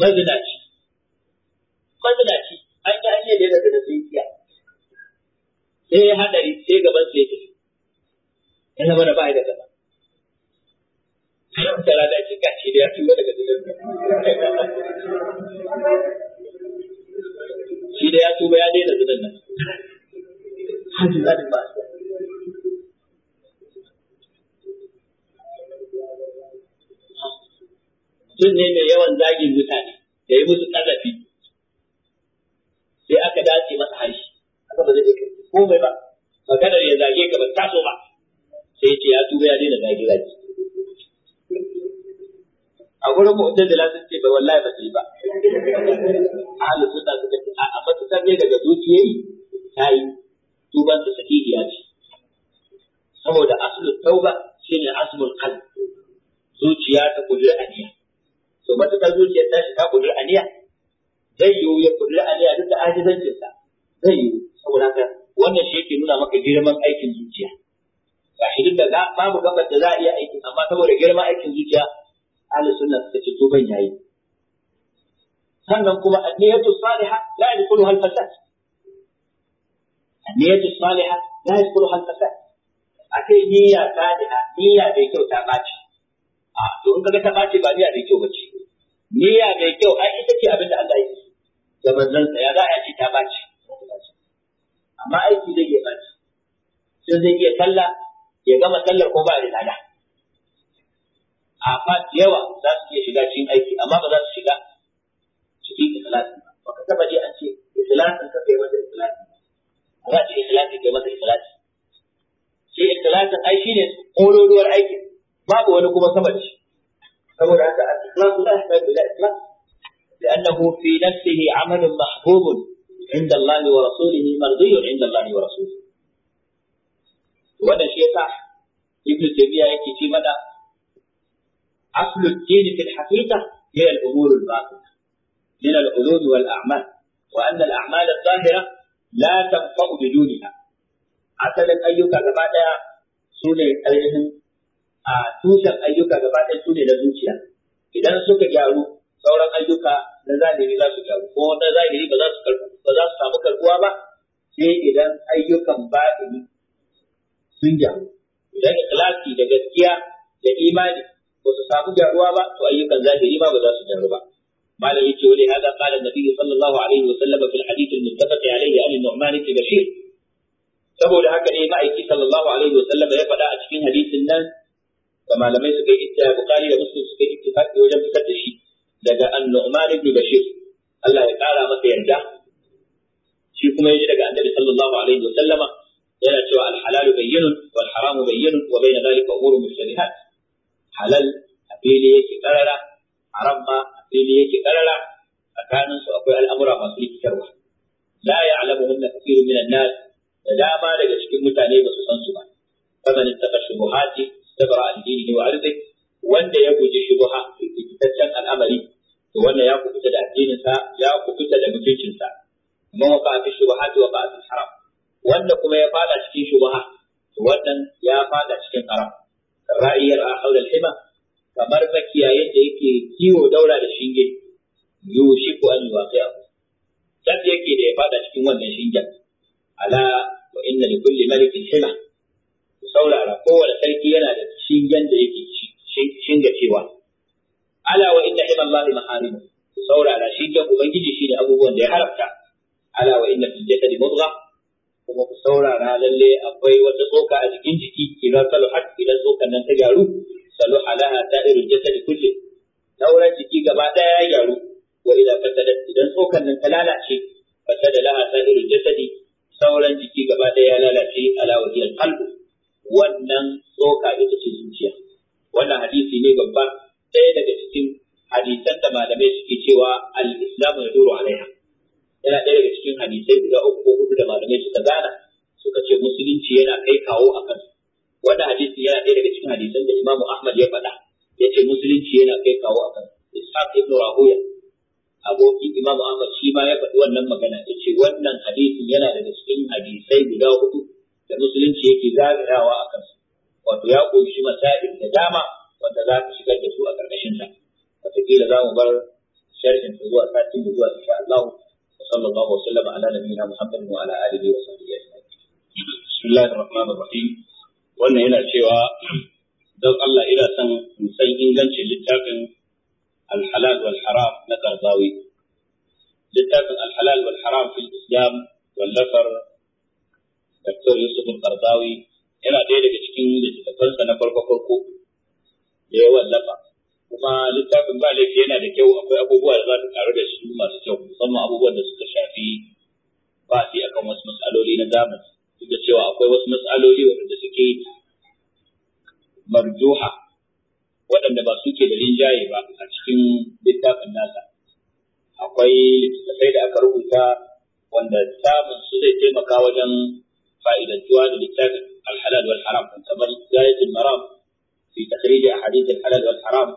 mazinaci mazinaci an yi hanyar da daga sun kiya sai ya hadari sai gaban sai tafi ya zama da ba da gaba sai mu tara da shi gashi da ya tuba daga gidan shi da ya tuba ya daina gidan nan hajji zalim ba mutum ne mai yawan zagin mutane da yi musu ƙarfi sai aka dace masa harshe aka ba zai kai komai ba maganar ya zage ka ba taso ba sai ce ya tuba ya daina zage zage a gurin da lasin ce ba wallahi ba sai ba halin suna suka ce a matukar ne daga zuciyayi yi tuban su sahihiya ce saboda asulun tauba shine asulun kan zuciya ta kudur aniya to matuƙar zuciyar tashi ta kudur aniya zai yiwu ya kudur aniya duk da ajizancinsa zai yiwu saboda haka wannan shi yake nuna maka girman aikin zuciya ga shi duk da babu gabar da za a iya aikin amma saboda girman aikin zuciya ahli sunna suka ce to ban yayi sannan kuma anniyatu salihah la yadkhuluha al-fasad anniyatu salihah la yadkhuluha al-fasad a kai niyya saliha niyya bai kyau ta ɓaci a to in kaga ta ɓaci ba niyya bai kyau bace niyya mai kyau ai ita ce abin da Allah yake da sa ya za a ce ta baci amma aiki zai iya baci sai zai iya sallah ya gama sallar ko ba da lada a yawa za su iya shiga cikin aiki amma ba za su shiga cikin ikhlasin ba ka taba je an ce ikhlasin ka kai masa ikhlasin ba za a ce ikhlasin kai masa ikhlasin shi ikhlasin ai shine kororuwar aikin babu wani kuma sabanci. shi فهو عند الإخلاص لا يحتاج إلى إخلاص لأنه في نفسه عمل محبوب عند الله ورسوله مرضي عند الله ورسوله وأنا شيء صح ابن تيمية يأتي في مدى أصل الدين في الحقيقة هي الأمور الباطنة من العلوم والأعمال وأن الأعمال الظاهرة لا تنفع بدونها أعتقد أيك غبادا سنة أيهم a tushen ayyuka gaba ɗaya su ne na zuciya idan suka gyaru sauran ayyuka na zahiri za su gyaru ko na zahiri ba za su ba za su samu karbuwa ba sai idan ayyukan batini sun gyaru idan ikhlasi da gaskiya da imani ba su samu gyaruwa ba to ayyukan zahiri ma ba za su gyaru ba malam yace wani hada qala annabi sallallahu alaihi wa sallam fil hadith al muttafaq alaihi an nu'man ibn bashir saboda haka ne ma'aiki sallallahu alaihi wa sallam ya faɗa a cikin hadisin nan da malamai suka yi ittifa bukari da muslim suka yi ittifaqi wajen fitar da shi daga an-nu'man ibn bashir Allah ya kara masa yarda shi kuma yaji daga annabi sallallahu alaihi wa sallama yana cewa al-halalu bayyinun wal haramu bayyinun wa bayna dhalika umurun mushtabihat halal a fili yake karara haram ma a fili yake karara tsakanin su akwai al'amura masu rikitarwa la ya'lamuhunna kathirun minan nas da dama daga cikin mutane ba su san su ba faman ittaqa shubuhati tabara addini wa arzik wanda ya guji shubha fitaccen al'amari to wannan ya kubuta da addinin sa ya kubuta da mutuncin sa kuma waka fi shubhati wa ba'a haram wanda kuma ya fada cikin shubha to wannan ya fada cikin haram ra'iyar a haula al-hima kamar makiyayin da yake kiwo daura da shinge yushiku an yuwaqi'a dab yake da ya fada cikin wannan shingen ala wa inna li kulli malikin hima ku saurara kowane sarki yana da shingen da yake shinga cewa ala wa inna himallahi maharimu ku saurara shingen ubangiji shine abubuwan da ya haramta ala wa inna fil jasadi mudgha kuma ku saurara lalle akwai wata tsoka a jikin jiki idan saluhat idan tsokan nan ta gyaru saluha laha ta'irul jasadi kulli sauran jiki gaba daya ya gyaru wa idan fasadat idan tsokan nan ta lalace fasada laha ta'irul jasadi sauran jiki gaba daya ya lalace ala wa hiya qalbu wannan tsoka ita ce zuciya wannan hadisi ne babba ɗaya daga cikin hadisan da malamai suke cewa al-islamu ya duru alaiha yana ɗaya daga cikin hadisai guda uku ko hudu da malamai suka gana suka ce musulunci yana kai kawo a kan wannan hadisi yana ɗaya daga cikin hadisan da Imam Ahmad ya faɗa ya ce musulunci yana kai kawo a kan Ishaq ibn Rahuya abokin Imam Ahmad shi ma ya faɗi wannan magana ya ce wannan hadisin yana daga cikin hadisai guda hudu da musulunci yake zagarawa a kansu wato ya ƙunshi masa'il da dama wanda za ka shigar da su a ƙarƙashin sa wataƙila za mu bar sharhin su zuwa satin da zuwa insha Allah wa sallallahu wa sallama ala nabiyina Muhammadin wa ala alihi wa sahbihi ajma'in bismillahir wannan yana cewa don Allah ina son in san ingancin littafin alhalal wal haram na Qardawi littafin alhalal wal haram fil Islam wallafar Dr. Yusuf al yana ɗaya daga cikin littattafansa na farko farko da ya wallafa kuma littafin ba laifi yana da kyau akwai abubuwa da za ta karu da su masu kyau musamman abubuwan da suka shafi basi akan wasu matsaloli na zamani duk da cewa akwai wasu matsaloli waɗanda suke marjoha waɗanda ba suke da rinjaye ba a cikin littafin nasa akwai littattafai da aka rubuta wanda samun su zai taimaka wajen فإذا الجوانب الثلاثة الحلال والحرام فانتبه لغاية المرام في تخريج أحاديث الحلال والحرام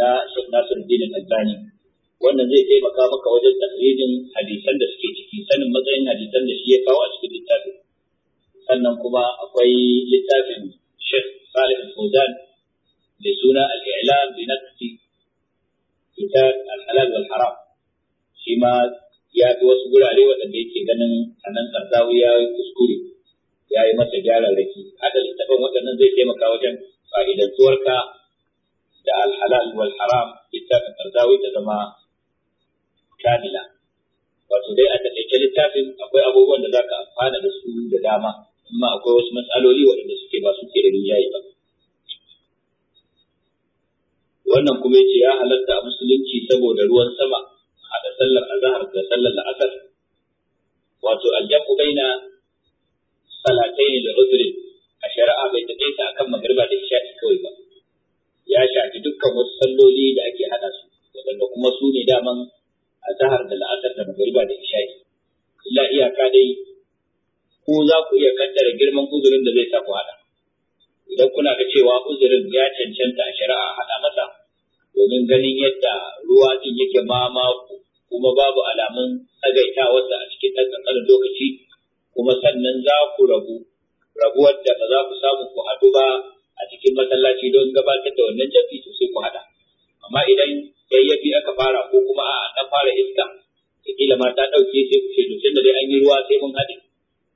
نا شيخ ناصر الدين الألباني وأن زي كيف كامك وجد تخريج حديثا لسكيت في سنة مزعين حديثا لشيء فهو أشكد التافل سنة كما أقوي للتافل شيخ صالح الفوزان لسنة الإعلام بنقص كتاب الحلال والحرام شيماد ya fi wasu gurare waɗanda yake ganin a nan karzawi ya yi kuskure ya yi masa gyara raki Hada littafin waɗannan zai taimaka wajen fa'idantuwarka da alhalal wal haram littafin karzawi ta zama kamila wato dai a taƙaice littafin akwai abubuwan da za ka amfana da su da dama amma akwai wasu matsaloli waɗanda suke ba suke da yayi ba wannan kuma ya ce ya halatta a musulunci saboda ruwan sama haɗa sallar azahar da sallar la'asar wato aljaku baina salatai da uzuri a shari'a bai taɓe ta akan magriba da isha'i kawai ba ya shafi dukkan wasu salloli da ake haɗa su waɗanda kuma su ne daman azahar da la'asar da magriba da isha'i illa iyaka dai ko za ku iya kaddara girman uzurin da zai sa ku haɗa idan kuna ga cewa uzurin ya cancanta a shari'a haɗa masa domin ganin yadda ruwa din yake mamaku, kuma babu alamun tsagaitawarsa a cikin ɗan lokaci kuma sannan za ku rabu rabuwar da ba za ku samu ku haɗu ba a cikin masallaci don gabatar da wannan jafi to ku haɗa amma idan yayyafi aka fara ko kuma a na fara iska kila ma ta ɗauke sai ku ce to dai an yi ruwa sai mun haɗe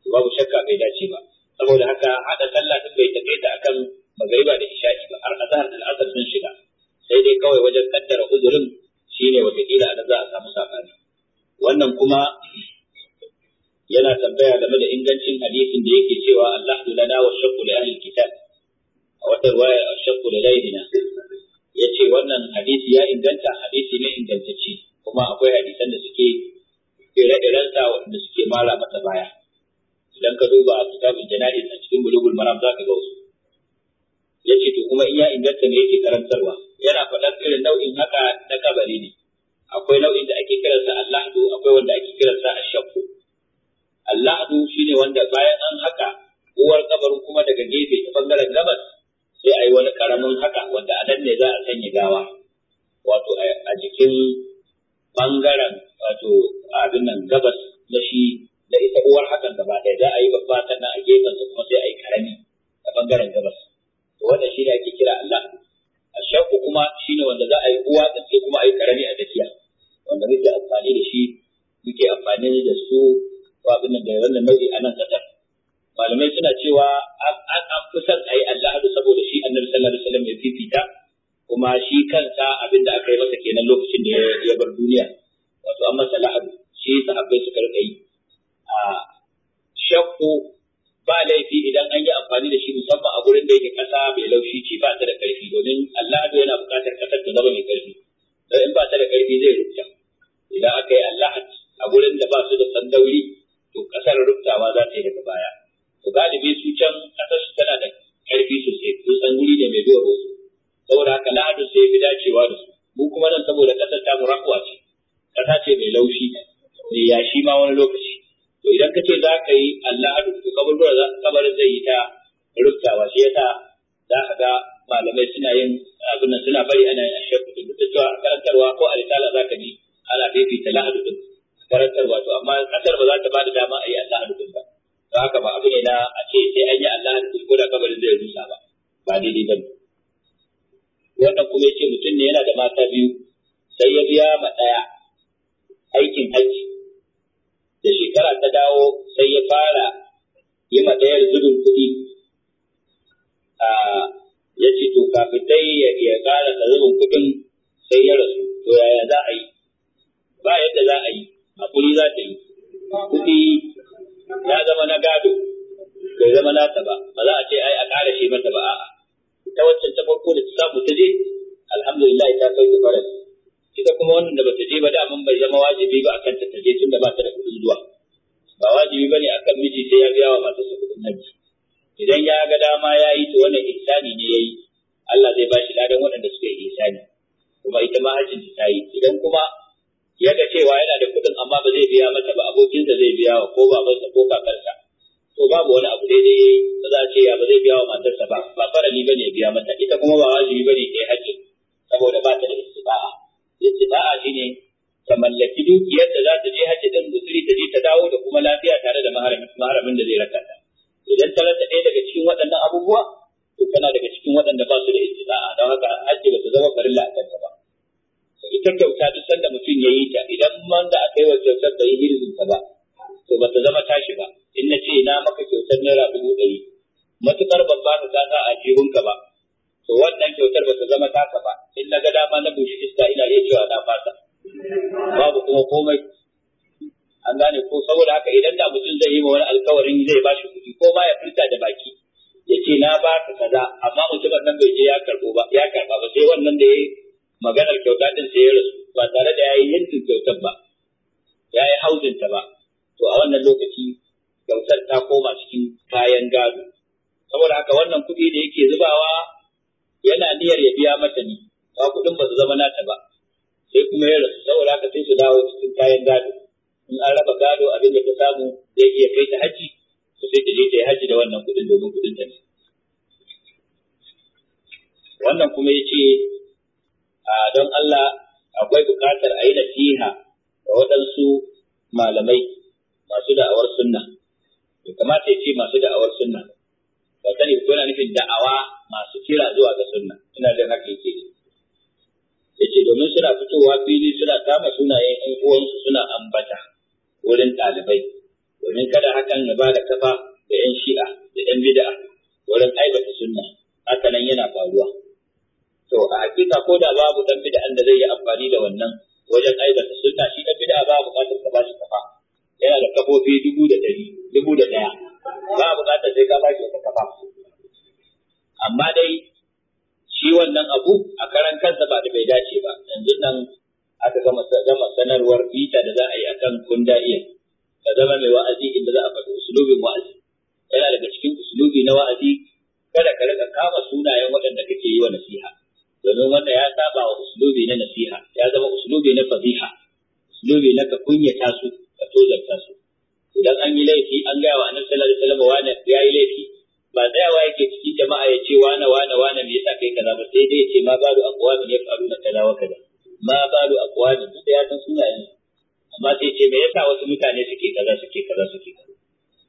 to babu shakka bai dace ba saboda haka haɗa sallah din bai taƙaita akan magariba da isha'i ba har azhar da al'asar sun shiga sai dai kawai wajen kaddara uzurin shine watakila a za a samu sabani wannan kuma yana tambaya game da ingancin hadisin da yake cewa Allah lana wa shakku li ahli kitab a wata riwaya shakku li Ya yace wannan hadisi ya inganta hadisi ne ingantacce kuma akwai hadisan da suke ire-irensa waɗanda suke mara masa baya idan ka duba a kitabin janaiz a cikin bulugul maram zaka ga wasu yace to kuma in ya inganta ne yake karantarwa yana faɗar irin nau'in haka na kabari ne akwai nau'in da ake kiransa allahdu akwai wanda ake kiransa ashakku allahdu shine wanda bayan an haka uwar kabarin kuma daga gefe ta bangaren gabas sai a yi wani karamin haka wanda a nan ne za a sanya gawa wato a jikin bangaren wato abin nan gabas na shi da ita uwar hakan gaba ɗaya za a yi babba sannan a gefen kuma sai a yi karami a bangaren gabas wannan shi ne ake kira Allah A shakku kuma shi ne wanda za a yi uwa da sai kuma a yi karami a tafiya wanda muke amfani da shi muke amfani da su abin da wannan nau'i a nan kasar malamai suna cewa an fi son a yi Allah saboda shi annabi sallallahu alaihi wasallam ya fifita kuma shi kansa abin da aka yi masa kenan lokacin da ya bar duniya wato an masa lahadu shi sahabbai suka rika yi a ah, shakku ba laifi idan an yi amfani da shi musamman a gurin da yake kasa mai laushi ce ba ta da karfi domin Allah yana buƙatar kasar ta zama mai karfi don in ba ta da karfi zai rubuta idan aka yi Allah a gurin da ba su da sandauri to kasar rubutawa za ta yi daga baya to galibi su can kasar su tana da karfi sosai sun san guri ne mai duwar wasu saboda haka lahadu sai fi dacewa da su mu kuma nan saboda kasar ta murakuwa ce kasa ce mai laushi mai yashi ma wani lokaci to idan ka ce za ka yi Allah adu to kabarin za kabarin zai yi ta rubtawa shi yasa za ka ga malamai suna yin abin nan suna bari ana yin ashirku din duk da karantarwa ko a risala za ka ji ana fifita lahadu din karantarwa to amma kasar ba za ta ba da dama a yi Allah adu din ba To haka ba abu ne na a ce sai an yi Allah adu ko da kabarin zai rusa ba ba daidai ba ne wannan kuma ya ce mutum ne yana da mata biyu sai ya biya ma ɗaya aikin hajji da shekara ta dawo sai ya fara yi matsayar zubin kuɗi ya ce to kafin dai ya ƙara ta zubin kuɗin sai ya rasu to yaya za a yi ba yadda za a yi hakuri za ta yi kuɗi ya zama na gado bai zama nata ba ba za a ce ai a ƙara shi mata ba a'a ta waccan ta farko da ta samu ta je alhamdulillah ta kai ta faras ita kuma wannan da bata je ba daman bai zama wajibi ba akan ta je tunda ba ta da kuɗin zuwa ba wajibi bane akan miji sai ya biya wa su kuɗin haji idan ya ga dama ya yi to wannan ihsani ne yayi Allah zai bashi ladan waɗanda suka yi ihsani kuma ita ma hajjin ta yi idan kuma ya ga cewa yana da kuɗin amma ba zai biya mata ba abokinsa zai biya wa ko babansa ko kakarsa to babu wani abu daidai yayi ba za a ce ya ba zai biya wa matarsa ba ba farali bane ya biya mata ita kuma ba wajibi bane ta yi haji saboda ba shi ne ta mallaki dukiyar da za ta je hajji ɗin gutsiri ta je ta dawo da kuma lafiya tare da maharamin da zai raka ta idan ta rasa ɗaya daga cikin waɗannan abubuwa to tana daga cikin waɗanda ba su da istida'a don haka hajji ba ta zama farilla a kanta ba ita kyauta duk sanda mutum ya yi ta idan man da aka yi wa kyautar bai yi ta ba to ba ta zama tashi ba in na ce na maka kyautar naira dubu ɗari matuƙar ban ba ka ta a jihunka ba to wannan kyautar ba ta zama taka ba in na ga dama na bushi iska ina iya cewa na fasa babu kuma komai an gane ko saboda haka idan da mutum zai yi wa wani alkawarin zai ba shi kuɗi ko ma ya furta da baki ya ce na ba ka kaza amma mutumin nan bai je ya karɓo ba ya karɓa ba sai wannan da ya yi maganar kyauta din sai ya rasu ba tare da ya yi yankin kyautar ba ya yi ta ba to a wannan lokaci kyautar ta koma cikin kayan gado saboda haka wannan kuɗi da yake zubawa yana niyyar ya biya mata ne ba kuɗin ba su zama nata ba sai kuma ya rasu saboda ka sai su dawo cikin kayan gado in an raba gado abin da ta samu zai iya kai ta haji to sai ta je ta yi haji da wannan kuɗin domin kuɗin ta ne wannan kuma ya ce don Allah akwai buƙatar a yi fiha da waɗansu malamai masu da'awar sunna ya kamata ya ce masu da'awar sunna ba sani ko yana nufin da'awa masu kira zuwa ga sunna ina da haka yake ne ce domin suna fitowa fili suna kama sunayen 'yan uwansu suna ambata wurin ɗalibai domin kada hakan ya ba da kafa da ƴan shi'a da ƴan bid'a wurin aibata sunna haka nan yana faruwa to a hakika ko da babu dan bida'an da zai yi amfani da wannan wajen aibata sunna shi dan bida'a babu buƙatar ka ba shi kafa yana da kafofi dubu da ɗari dubu da ɗaya ba a sai ka bashi wata kafa amma dai shi wannan abu a karan kansa ba da bai dace ba yanzu nan aka gama sanarwar bita da za a yi akan kunda iya ka zama mai wa'azi inda za a faɗi usulubin wa'azi yana daga cikin usulubi na wa'azi kada ka rika kama sunayen waɗanda kake yi wa nasiha domin wanda ya saba wa usulubi na nasiha ya zama usulubi na fasiha usulubi na ka kunyata su ka tozarta su idan an yi laifi an gaya wa annabi sallallahu alaihi wasallam wani ya yi laifi ba tsayawa yake cikin jama'a ya ce wane wane wane me yasa kai kaza ba sai dai ya ce ma ya faru na kaza wa kaza ma akwai wani duk da ya san sunayen amma sai ce me yasa wasu mutane suke kaza suke kaza suke kaza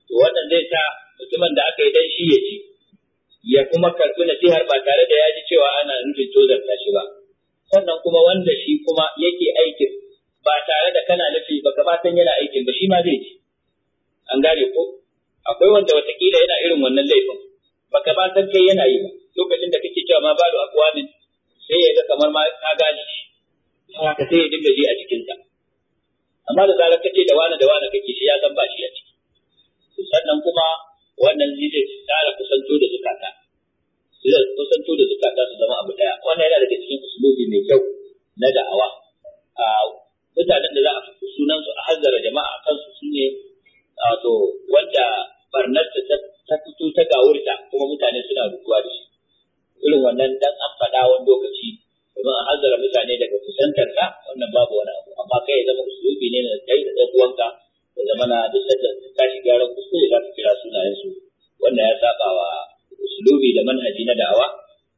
to wannan zai sa mutumin da aka yi dan shi ya ci ya kuma karɓi nasihar ba tare da ya ji cewa ana nufin tozarta shi ba sannan kuma wanda shi kuma yake aikin ba tare da kana nufi ba ka yana aikin ba shi ma zai ci an gane ko akwai wanda watakila yana irin wannan laifin baka ba san kai yana yi ba lokacin da kake cewa ma balu aqwamin sai ya ga kamar ma ka gane shi haka sai ya dinga ji a cikin ka amma da zarar kace da wani da wani kake shi ya san ba shi a ciki sannan kuma wannan zai tsara kusanto da zukata zai kusanto da zukata su zama abu daya wannan yana daga cikin usulobi mai kyau na da'awa ah, mutanen da za a fito sunansu a hanzara jama'a kansu su ne wato wanda barnar ta fito ta gawurta kuma mutane suna rukuwa da shi irin wannan dan an faɗa wani lokaci domin a hanzara mutane daga kusantar ka wannan babu wani abu amma kai ya zama usulubi ne na kai da ɗan uwanka da zama na duk sanda ta tashi gyaran kuskure za ka kira sunayensu wanda ya saba wa usulubi da manhaji na da'awa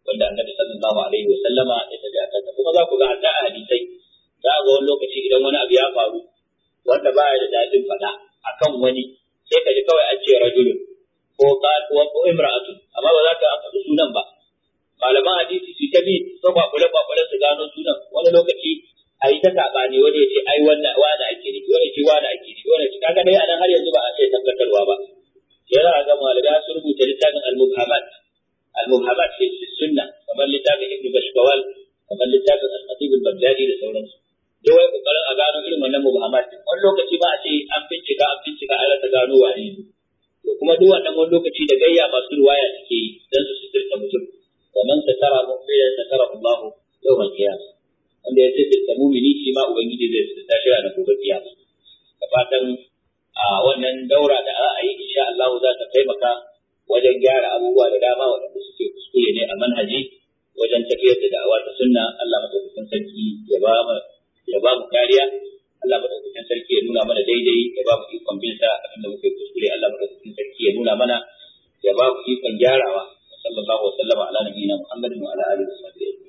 wanda annabi sallallahu alaihi wa sallama ya tafi a kuma za ku ga hatta a hadisai za ga wani lokaci idan wani abu ya faru wanda ba ya da daɗin faɗa a kan wani sai ka ji kawai an ce rajulun ko ko imra'atu amma ba za ka faɗi sunan ba malaman hadisi su ta bi ko kwakule kwakule su gano sunan wani lokaci a yi ta saɓani wani ya ce ai wannan wani ake ni, wani ce wani ake ne wani ce kaga dai a nan har yanzu ba a ce tabbatarwa ba yana ga malaba sun rubuta littafin al-mubhamat al-mubhamat fi sunna kamar littafin ibn bashkawal kamar littafin al-khatib al-baghdadi da sauransu ya wai kokarin a gano irin wannan muhammat wani lokaci ba a ce an bincika an bincika an rasa gano wa ne to kuma duk wannan wani lokaci da gayya masu ruwaya suke yi dan su suturta mutum wa man satara mu'mina satara Allah yawmal qiyamah wanda ya suturta mu'mini shi ma ubangiji zai suturta shi ranar gobe kiyama da fatan a wannan daura da a yi insha Allah za ta taimaka wajen gyara abubuwa da dama waɗanda suke kuskure ne a manhaji wajen tafiyar da da'awa ta sunna Allah madaukakin sarki ya ba mu ya ba kariya Allah madaukakin sarki ya nuna mana daidai ya ba mu ikon bin sa abinda muke kuskure Allah madaukakin sarki ya nuna mana ya ba mu ikon gyarawa sallallahu alaihi wa sallama ala nabiyina Muhammadin wa ala alihi wa